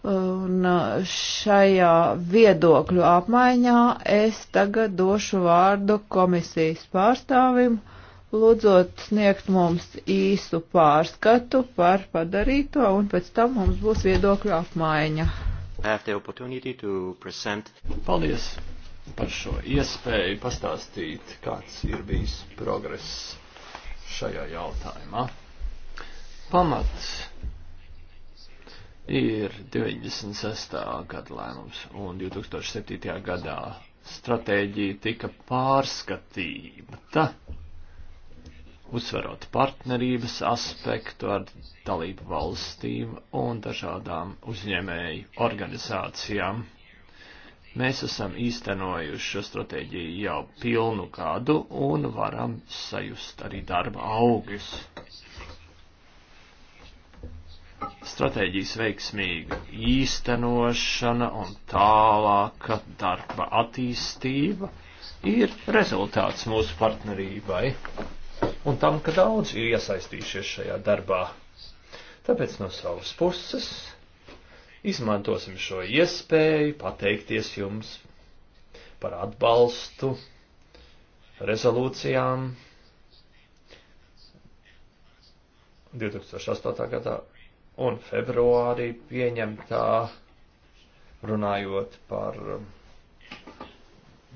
Un uh, šajā viedokļu apmaiņā es tagad došu vārdu komisijas pārstāvim, lūdzot sniegt mums īsu pārskatu par padarīto, un pēc tam mums būs viedokļu apmaiņa. Paldies! par šo iespēju pastāstīt, kāds ir bijis progress šajā jautājumā. Pamats ir 96. gada lēmums un 2007. gadā stratēģija tika pārskatīta, uzsverot partnerības aspektu ar dalību valstīm un dažādām uzņēmēju organizācijām. Mēs esam īstenojuši šo stratēģiju jau pilnu gadu un varam sajust arī darba augļus. Stratēģijas veiksmīga īstenošana un tālāka darba attīstība ir rezultāts mūsu partnerībai un tam, ka daudz ir iesaistījušies šajā darbā. Tāpēc no savas puses Izmantosim šo iespēju pateikties jums par atbalstu rezolūcijām 2008. gadā un februārī pieņemtā runājot par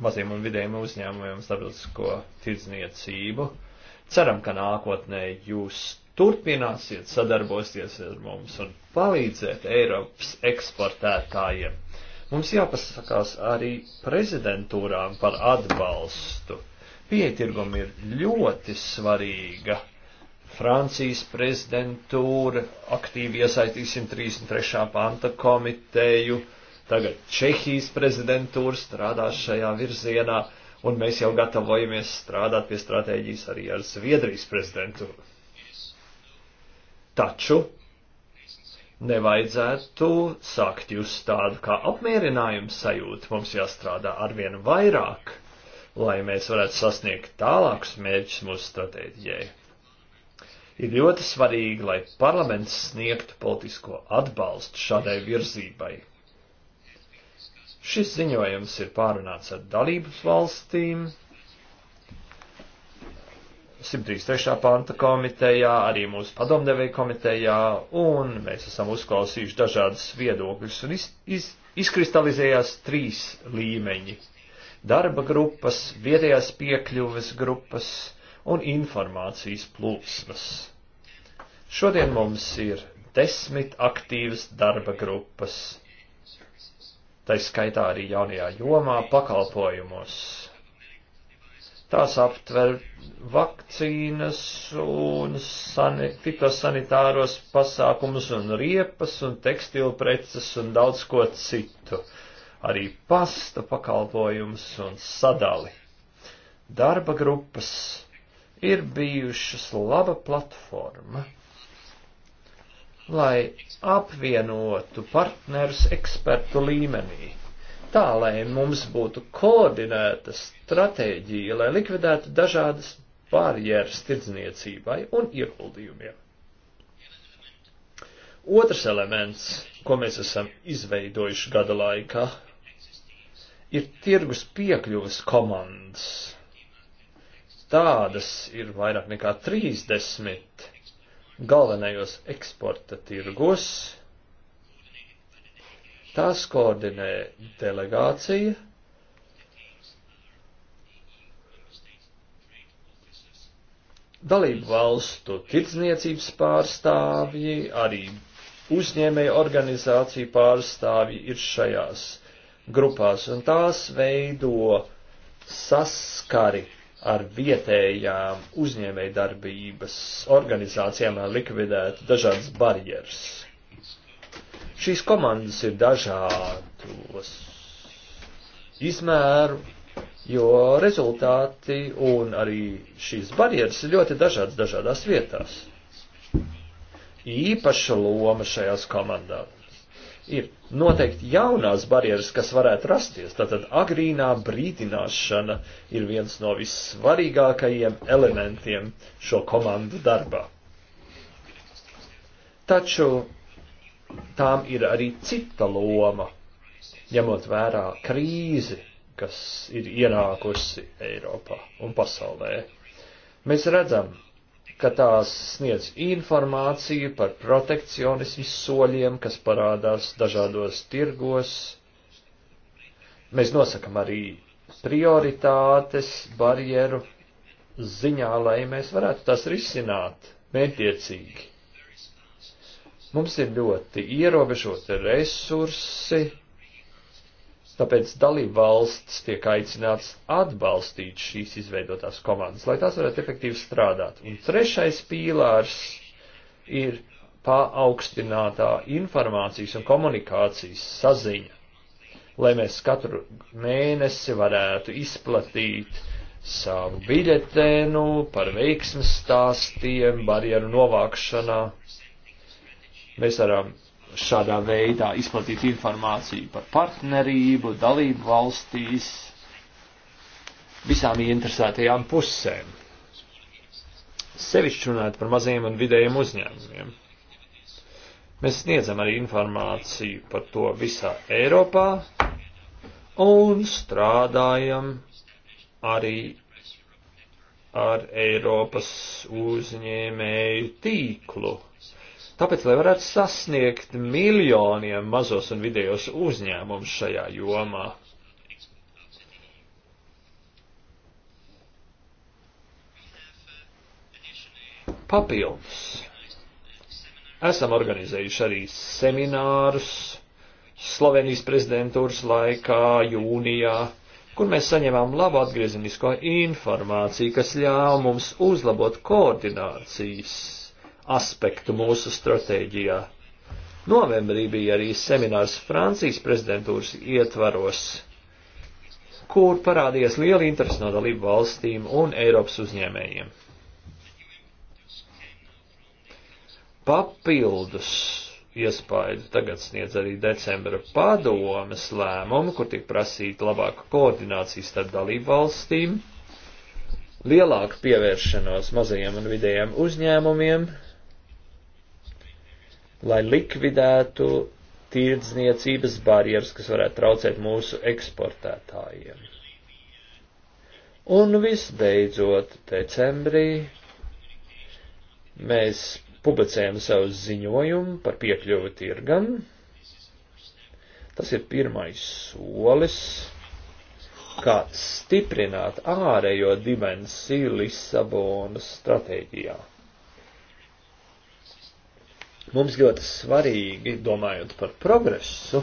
maziem un vidējiem uzņēmumiem starptautisko tirdzniecību. Ceram, ka nākotnē jūs Turpināsiet sadarbosties ar mums un palīdzēt Eiropas eksportētājiem. Mums jāpasakās arī prezidentūrām par atbalstu. Pietirgum ir ļoti svarīga. Francijas prezidentūra aktīvi iesaistīsim 33. panta komiteju, tagad Čehijas prezidentūra strādās šajā virzienā, un mēs jau gatavojamies strādāt pie stratēģijas arī ar Zviedrijas prezidentūru. Taču nevajadzētu sākt just tādu kā apmierinājumu sajūtu. Mums jāstrādā arvien vairāk, lai mēs varētu sasniegt tālākus mērķus mūsu stratēģijai. Ir ļoti svarīgi, lai parlaments sniegtu politisko atbalstu šādai virzībai. Šis ziņojums ir pārunāts ar dalības valstīm, 133. panta komitejā, arī mūsu padomdevēja komitejā, un mēs esam uzklausījuši dažādas viedokļus, un iz, iz, izkristalizējās trīs līmeņi - darba grupas, vietējās piekļuves grupas un informācijas plūsmas. Šodien mums ir desmit aktīvas darba grupas, tā skaitā arī jaunajā jomā pakalpojumos Tās aptver vakcīnas un sani, fitosanitāros pasākumus un riepas un tekstilpreces un daudz ko citu. Arī pasta pakalpojums un sadali. Darba grupas ir bijušas laba platforma lai apvienotu partnerus ekspertu līmenī tā, lai mums būtu koordinēta stratēģija, lai likvidētu dažādas barjeras tirdzniecībai un ieguldījumiem. Otrs elements, ko mēs esam izveidojuši gada laikā, ir tirgus piekļuves komandas. Tādas ir vairāk nekā 30 galvenajos eksporta tirgus, Tās koordinē delegācija. Dalību valstu tirdzniecības pārstāvji, arī uzņēmēju organizāciju pārstāvji ir šajās grupās, un tās veido saskari ar vietējām uzņēmējdarbības organizācijām, lai likvidētu dažādas barjeras. Šīs komandas ir dažādos izmēru, jo rezultāti un arī šīs barjeras ir ļoti dažādas dažādās vietās. Īpaša loma šajās komandās ir noteikti jaunās barjeras, kas varētu rasties. Tātad agrīnā brīdināšana ir viens no vissvarīgākajiem elementiem šo komandu darbā. Taču tām ir arī cita loma, ņemot vērā krīzi, kas ir ienākusi Eiropā un pasaulē. Mēs redzam, ka tās sniedz informāciju par protekcionismu soļiem, kas parādās dažādos tirgos. Mēs nosakam arī prioritātes barjeru ziņā, lai mēs varētu tās risināt mērķiecīgi. Mums ir ļoti ierobežoti resursi, tāpēc dalību valsts tiek aicināts atbalstīt šīs izveidotās komandas, lai tās varētu efektīvi strādāt. Un trešais pīlārs ir paaugstinātā informācijas un komunikācijas saziņa lai mēs katru mēnesi varētu izplatīt savu biļetēnu par veiksmes stāstiem, barjeru novākšanā, Mēs varam šādā veidā izplatīt informāciju par partnerību, dalību valstīs, visām interesētajām pusēm. Sevišķi runāt par maziem un vidējiem uzņēmumiem. Mēs sniedzam arī informāciju par to visā Eiropā un strādājam arī ar Eiropas uzņēmēju tīklu Tāpēc, lai varētu sasniegt miljoniem mazos un vidējos uzņēmumus šajā jomā. Papildus. Esam organizējuši arī seminārus Slovenijas prezidentūras laikā, jūnijā, kur mēs saņēmām labu atgriezenisko informāciju, kas ļāva mums uzlabot koordinācijas aspektu mūsu stratēģijā. Novembrī bija arī seminārs Francijas prezidentūras ietvaros, kur parādījās liela interese no dalību valstīm un Eiropas uzņēmējiem. Papildus iespaidu tagad sniedz arī decembra padomes lēmumu, kur tiek prasīta labāka koordinācija starp dalību valstīm, lielāka pievēršanos mazajiem un vidējiem uzņēmumiem, lai likvidētu tirdzniecības barjeras, kas varētu traucēt mūsu eksportētājiem. Un visbeidzot, decembrī mēs publicējam savu ziņojumu par piekļuvu tirgam. Tas ir pirmais solis, kā stiprināt ārējo dimensiju Lisabonas stratēģijā. Mums ļoti svarīgi, domājot par progresu,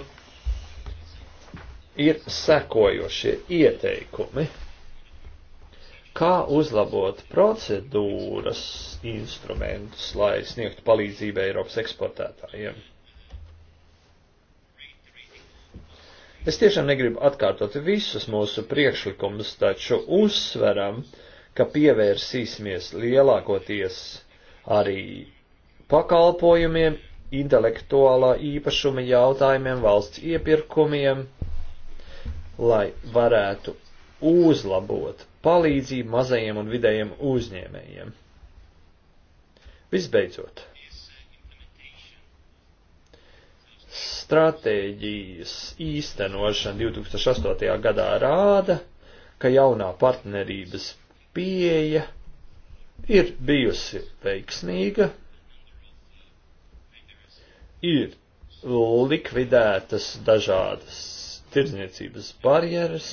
ir sekojošie ieteikumi, kā uzlabot procedūras instrumentus, lai sniegtu palīdzību Eiropas eksportētājiem. Es tiešām negribu atkārtot visus mūsu priekšlikumus, taču uzsveram, ka pievērsīsimies lielākoties arī pakalpojumiem, intelektuālā īpašuma jautājumiem, valsts iepirkumiem, lai varētu uzlabot palīdzību mazajiem un vidējiem uzņēmējiem. Visbeidzot, stratēģijas īstenošana 2008. gadā rāda, ka jaunā partnerības pieeja ir bijusi veiksmīga ir likvidētas dažādas tirdzniecības barjeras,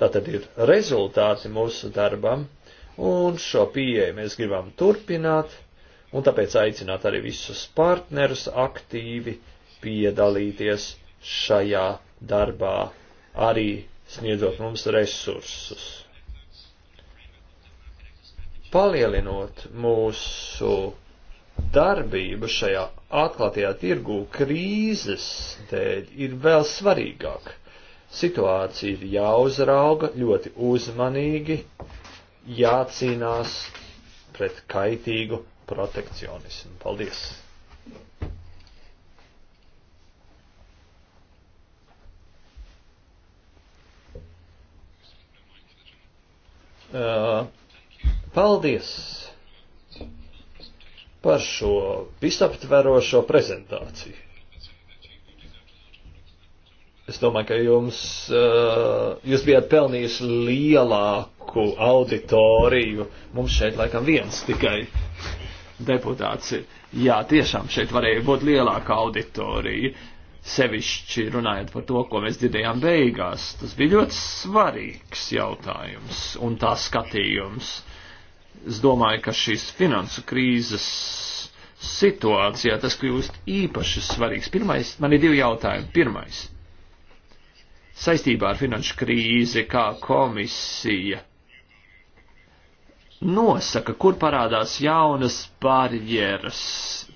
tā tad ir rezultāti mūsu darbam, un šo pieeju mēs gribam turpināt, un tāpēc aicināt arī visus partnerus aktīvi piedalīties šajā darbā, arī sniedzot mums resursus. Palielinot mūsu darbība šajā atklātajā tirgū krīzes dēļ ir vēl svarīgāka. Situācija ir jāuzrauga ļoti uzmanīgi, jācīnās pret kaitīgu protekcionismu. Paldies! Uh, paldies! par šo visaptverošo prezentāciju. Es domāju, ka jums, eh, jūs bijat pelnījis lielāku auditoriju. Mums šeit laikam viens tikai deputāts ir. Jā, tiešām šeit varēja būt lielāka auditorija. Sevišķi runājot par to, ko mēs dzirdējām beigās, tas bija ļoti svarīgs jautājums un tā skatījums. Uh, Es domāju, ka šīs finansu krīzes situācijā tas kļūst īpaši svarīgs. Pirmais, man ir divi jautājumi. Pirmais, saistībā ar finanšu krīzi, kā komisija nosaka, kur parādās jaunas barjeras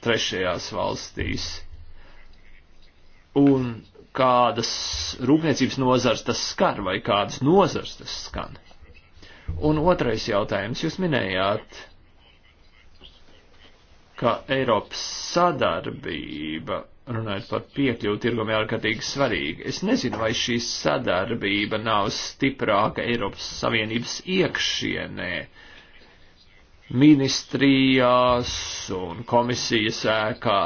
trešajās valstīs un kādas rūpniecības nozars tas skar vai kādas nozars tas skana. Un otrais jautājums. Jūs minējāt, ka Eiropas sadarbība, runājot par piekļuvu tirgumiem, ir ārkārtīgi svarīga. Es nezinu, vai šī sadarbība nav stiprāka Eiropas Savienības iekšienē ministrijās un komisijas ēkā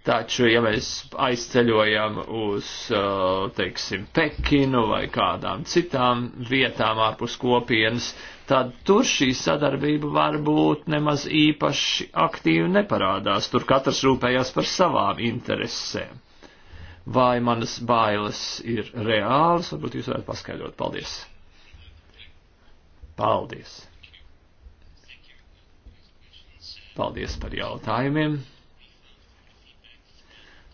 Taču, ja mēs aizceļojam uz, uh, teiksim, Pekinu vai kādām citām vietām ārpus kopienas, tad tur šī sadarbība varbūt nemaz īpaši aktīvi neparādās. Tur katrs rūpējās par savām interesēm. Vai manas bailes ir reālas? Varbūt jūs varētu paskaidrot. Paldies! Paldies! Paldies par jautājumiem!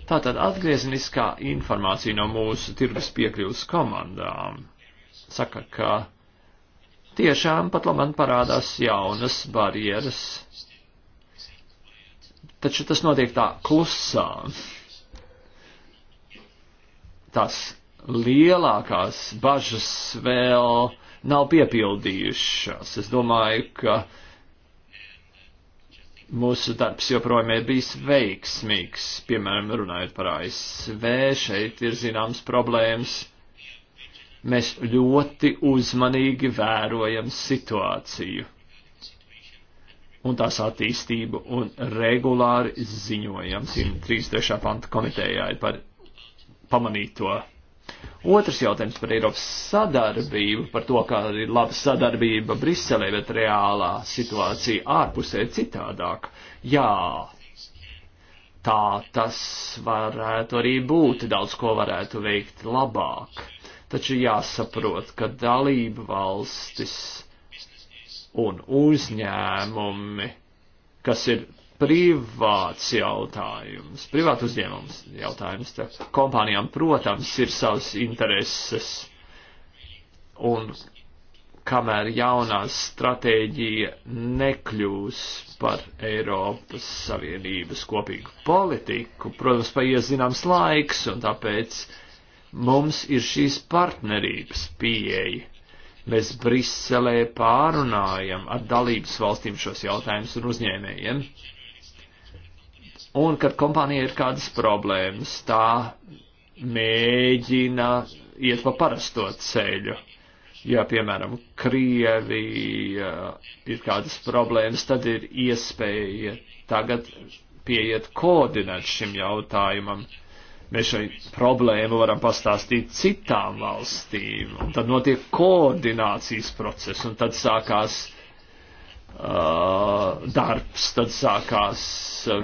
Tātad atgriezeniskā informācija no mūsu tirgus piekļuvas komandām saka, ka tiešām pat labam parādās jaunas barjeras, taču tas notiek tā klusā. Tās lielākās bažas vēl nav piepildījušās. Es domāju, ka uh, mūsu darbs joprojām ir bijis veiksmīgs. Piemēram, runājot par ASV, šeit ir zināms problēmas. Mēs ļoti uzmanīgi vērojam situāciju un tās attīstību un regulāri ziņojam 133. panta komitējai par pamanīto. Otrs jautājums par Eiropas sadarbību, par to, kā ir laba sadarbība Briselē, bet reālā situācija ārpusē citādāk. Jā, tā tas varētu arī būt, daudz ko varētu veikt labāk. Taču jāsaprot, ka dalība valstis un uzņēmumi, kas ir privāts jautājums, privāta uzņēmums jautājums. Tā kompānijām, protams, ir savas intereses. Un kamēr jaunā stratēģija nekļūs par Eiropas Savienības kopīgu politiku, protams, paies zināms laiks, un tāpēc mums ir šīs partnerības pieeja. Mēs Briselē pārunājam ar dalības valstīm šos jautājumus un uzņēmējiem. Ja? Un, kad kompānija ir kādas problēmas, tā mēģina iet pa parasto ceļu. Ja, piemēram, Krievija ir kādas problēmas, tad ir iespēja tagad pieiet koordinēt šim jautājumam. Mēs šo problēmu varam pastāstīt citām valstīm, un tad notiek koordinācijas process, un tad sākās uh, darbs, tad sākās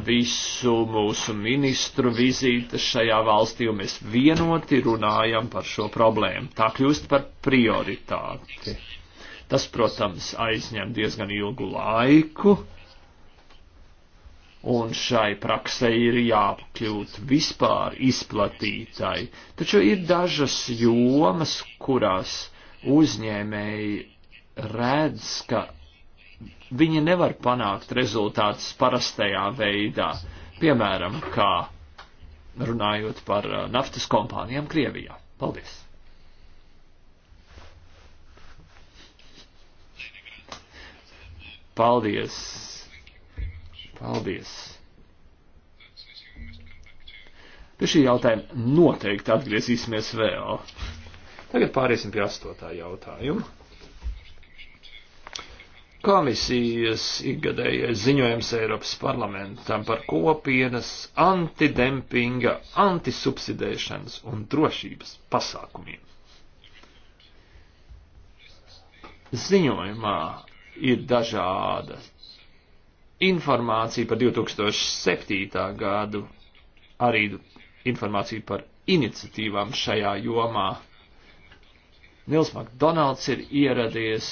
visu mūsu ministru vizītes šajā valstī, un mēs vienoti runājam par šo problēmu. Tā kļūst par prioritāti. Tas, protams, aizņem diezgan ilgu laiku, un šai praksē ir jākļūt vispār izplatītai. Taču ir dažas jomas, kurās uzņēmēji redz, ka viņi nevar panākt rezultātus parastajā veidā, piemēram, kā runājot par uh, naftas kompānijām Krievijā. Paldies! Paldies! Paldies! Pie šī jautājuma noteikti atgriezīsimies vēl. Tagad pāriesim pie astotā jautājuma komisijas ikgadējais ziņojums Eiropas parlamentam par kopienas antidempinga, antisubsidēšanas un drošības pasākumiem. Ziņojumā ir dažāda informācija par 2007. gadu, arī informācija par iniciatīvām šajā jomā. Nils Makdonalds ir ieradies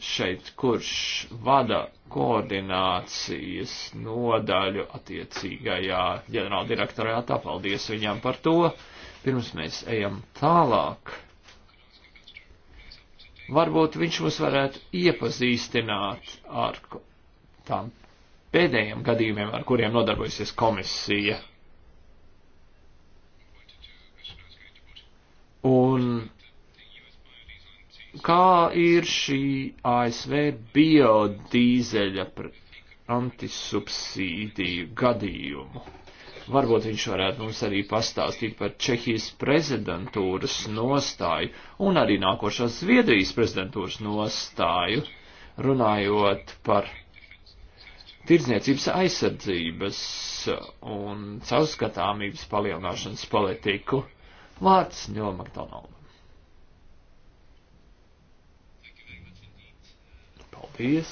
šeit, kurš vada koordinācijas nodaļu attiecīgajā ģenerāldirektorātā. Paldies viņam par to. Pirms mēs ejam tālāk, varbūt viņš mūs varētu iepazīstināt ar tām pēdējiem gadījumiem, ar kuriem nodarbojusies komisija. Un kā ir šī ASV biodīzeļa antisubsīdiju gadījumu. Varbūt viņš varētu mums arī pastāstīt par Čehijas prezidentūras nostāju un arī nākošās Zviedrijas prezidentūras nostāju, runājot par tirdzniecības aizsardzības un caurskatāmības palielināšanas politiku. Vārds Ņola Makdonalda. Paldies!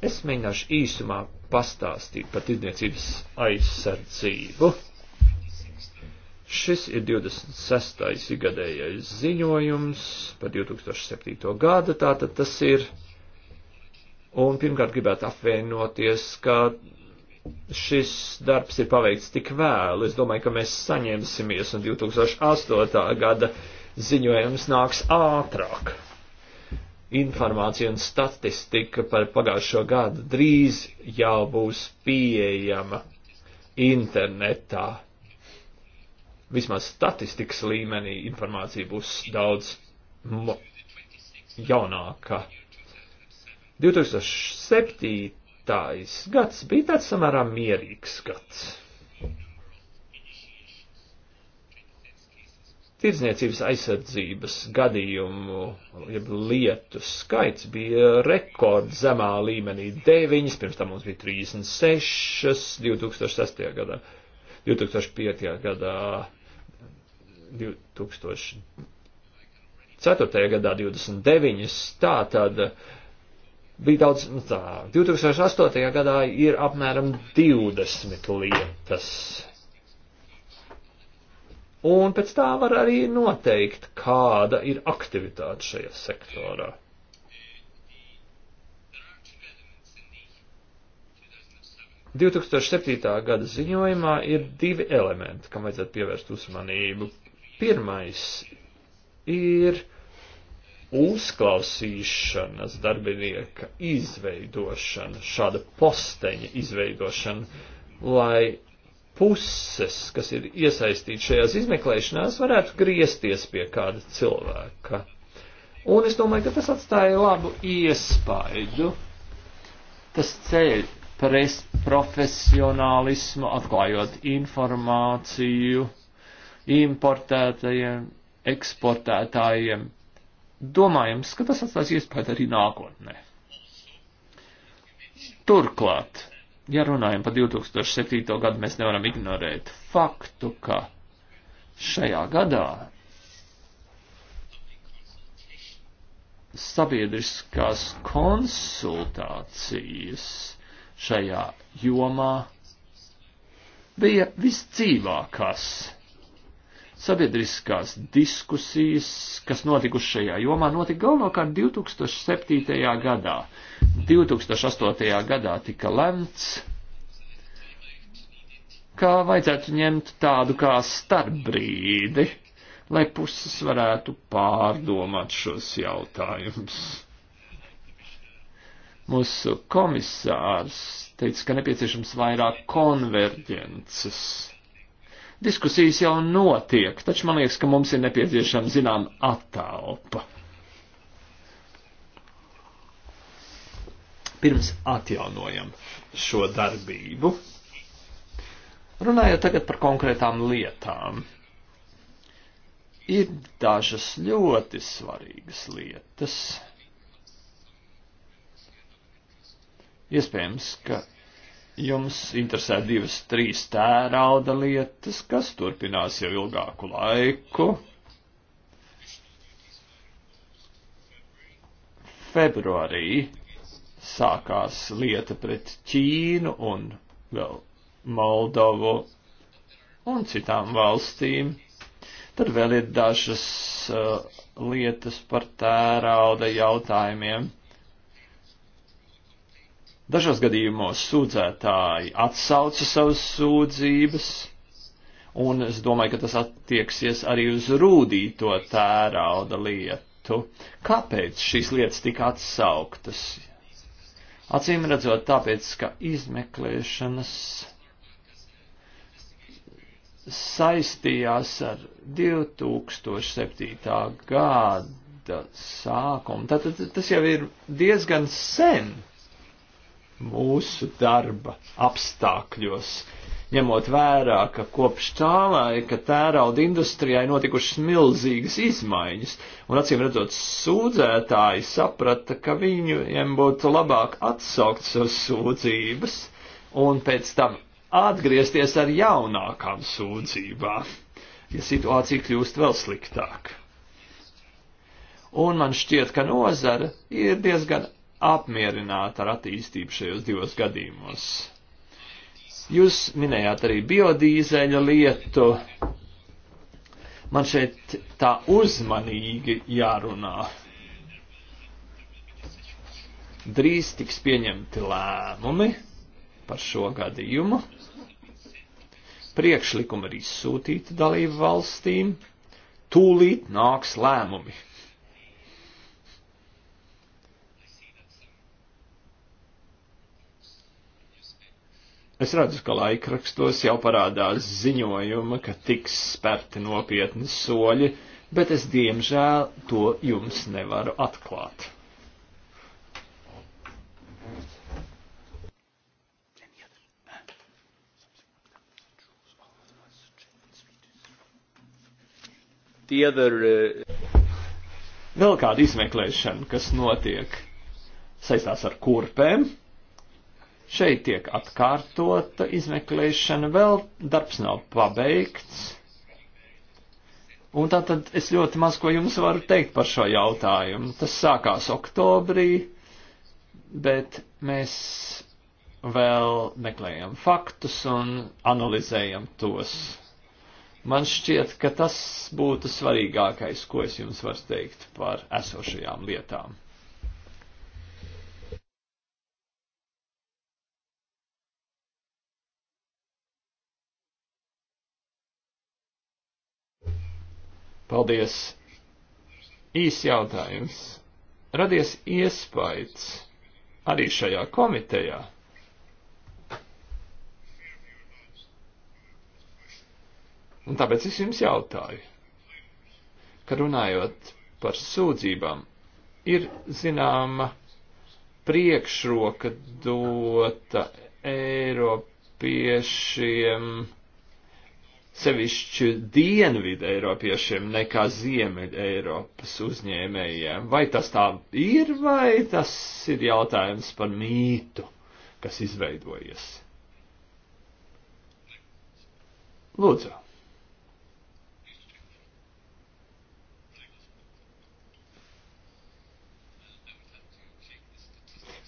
Es mēģināšu īsumā pastāstīt par tirdzniecības aizsardzību. Šis ir 26. gadējais ziņojums par 2007. gadu, tātad tas ir. Un pirmkārt gribētu apvienoties, ka šis darbs ir paveikts tik vēlu. Es domāju, ka mēs saņemsimies un 2008. gada ziņojums nāks ātrāk. Informācija un statistika par pagājušo gadu drīz jau būs pieejama internetā. Vismaz statistikas līmenī informācija būs daudz jaunāka. 2007. gads bija tāds samērā mierīgs gads. tirdzniecības aizsardzības gadījumu, jeb lietu skaits bija rekord zemā līmenī - 9, pirms tam mums bija 36, 2006. gadā, 2005. gadā, 2004. gadā 29, tā tad bija daudz, nu tā, 2008. gadā ir apmēram 20 lietas un pēc tā var arī noteikt, kāda ir aktivitāte šajā sektorā. – 2007. gada ziņojumā ir divi elementi, kam vajadzētu pievērst uzmanību. Pirmais ir uzklausīšanas darbinieka izveidošana, šāda posteņa izveidošana, lai puses, kas ir iesaistīti šajās izmeklēšanās, varētu griezties pie kāda cilvēka. Un es domāju, ka tas atstāja labu iespaidu. Tas ceļ pres, profesionālismu, atklājot informāciju importētajiem, eksportētājiem. Domājams, ka tas atstās iespēju arī nākotnē. Turklāt ja runājam par 2007. gadu, mēs nevaram ignorēt faktu, ka šajā gadā sabiedriskās konsultācijas šajā jomā bija viscīvākās sabiedriskās diskusijas, kas notikušas šajā jomā, notika galvenokārt 2007. gadā. 2008. gadā tika lemts, ka vajadzētu ņemt tādu kā starpbrīdi, lai puses varētu pārdomāt šos jautājumus. Mūsu komisārs teica, ka nepieciešams vairāk konverģences. Diskusijas jau notiek, taču man liekas, ka mums ir nepieciešama zinām attālpa. pirms atjaunojam šo darbību. Runājot tagad par konkrētām lietām. Ir dažas ļoti svarīgas lietas. Iespējams, ka jums interesē divas, trīs tērauda lietas, kas turpinās jau ilgāku laiku. Februārī sākās lieta pret Ķīnu un vēl Moldovu un citām valstīm. Tad vēl ir dažas uh, lietas par tērauda jautājumiem. Dažos gadījumos sūdzētāji atsauca savas sūdzības, un es domāju, ka tas attieksies arī uz rūdīto tērauda lietu. Kāpēc šīs lietas tika atsauktas? Acīm redzot, tāpēc, ka izmeklēšanas saistījās ar 2007. gada sākumu. Tātad tas jau ir diezgan sen mūsu darba apstākļos ņemot vērā, ka kopš tā laika tērauda industrijai notikušas milzīgas izmaiņas, un acīm redzot, sūdzētāji saprata, ka viņiem būtu labāk atsaukt savas sūdzības un pēc tam atgriezties ar jaunākām sūdzībām, ja situācija kļūst vēl sliktāka. Un man šķiet, ka nozara ir diezgan apmierināta ar attīstību šajos divos gadījumos Jūs minējāt arī biodīzeļa lietu. Man šeit tā uzmanīgi jārunā. Drīz tiks pieņemti lēmumi par šo gadījumu. Priekšlikumi ir izsūtīti dalību valstīm. Tūlīt nāks lēmumi. Es redzu, ka laikrakstos jau parādās ziņojuma, ka tiks spērti nopietni soļi, bet es diemžēl to jums nevaru atklāt. Other, uh... Vēl kāda izmeklēšana, kas notiek, saistās ar kurpēm, Šeit tiek atkārtota izmeklēšana, vēl darbs nav pabeigts. Un tātad es ļoti maz ko jums varu teikt par šo jautājumu. Tas sākās oktobrī, bet mēs vēl meklējam faktus un analizējam tos. Man šķiet, ka tas būtu svarīgākais, ko es jums varu teikt par esošajām lietām. Paldies! Īs jautājums. Radies iespējas arī šajā komitejā. Un tāpēc es jums jautāju, ka runājot par sūdzībām, ir zināma priekšroka dota Eiropiešiem sevišķi dienvidu Eiropiešiem nekā ziemeļu Eiropas uzņēmējiem. Vai tas tā ir, vai tas ir jautājums par mītu, kas izveidojies? Lūdzu.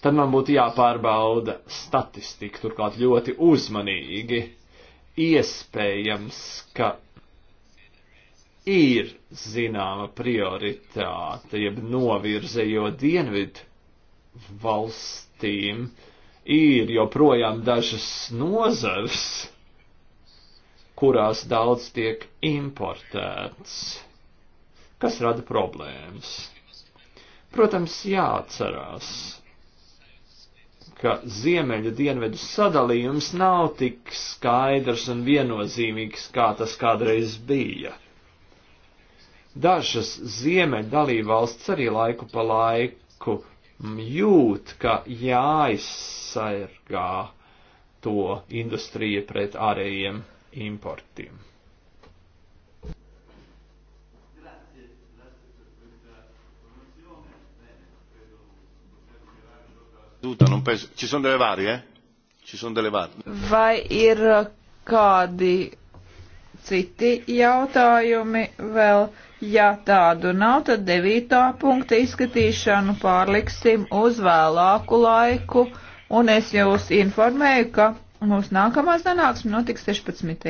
Tad man būtu jāpārbauda statistika, turklāt ļoti uzmanīgi iespējams, ka ir zināma prioritāte, jeb novirze, jo dienvidu valstīm ir joprojām dažas nozars, kurās daudz tiek importēts, kas rada problēmas. Protams, jāatcerās, ka ziemeļu dienvedu sadalījums nav tik skaidrs un viennozīmīgs, kā tas kādreiz bija. Dažas ziemeļu dalībvalsts arī laiku pa laiku jūt, ka jāizsargā to industrija pret ārējiem importiem. Nu, eh? Vai ir eh, kādi citi jautājumi vēl? Ja tādu nav, tad devītā punkta izskatīšanu pārliksim uz vēlāku laiku, un es jūs informēju, ka mūsu nākamā sanāksme notiks 16.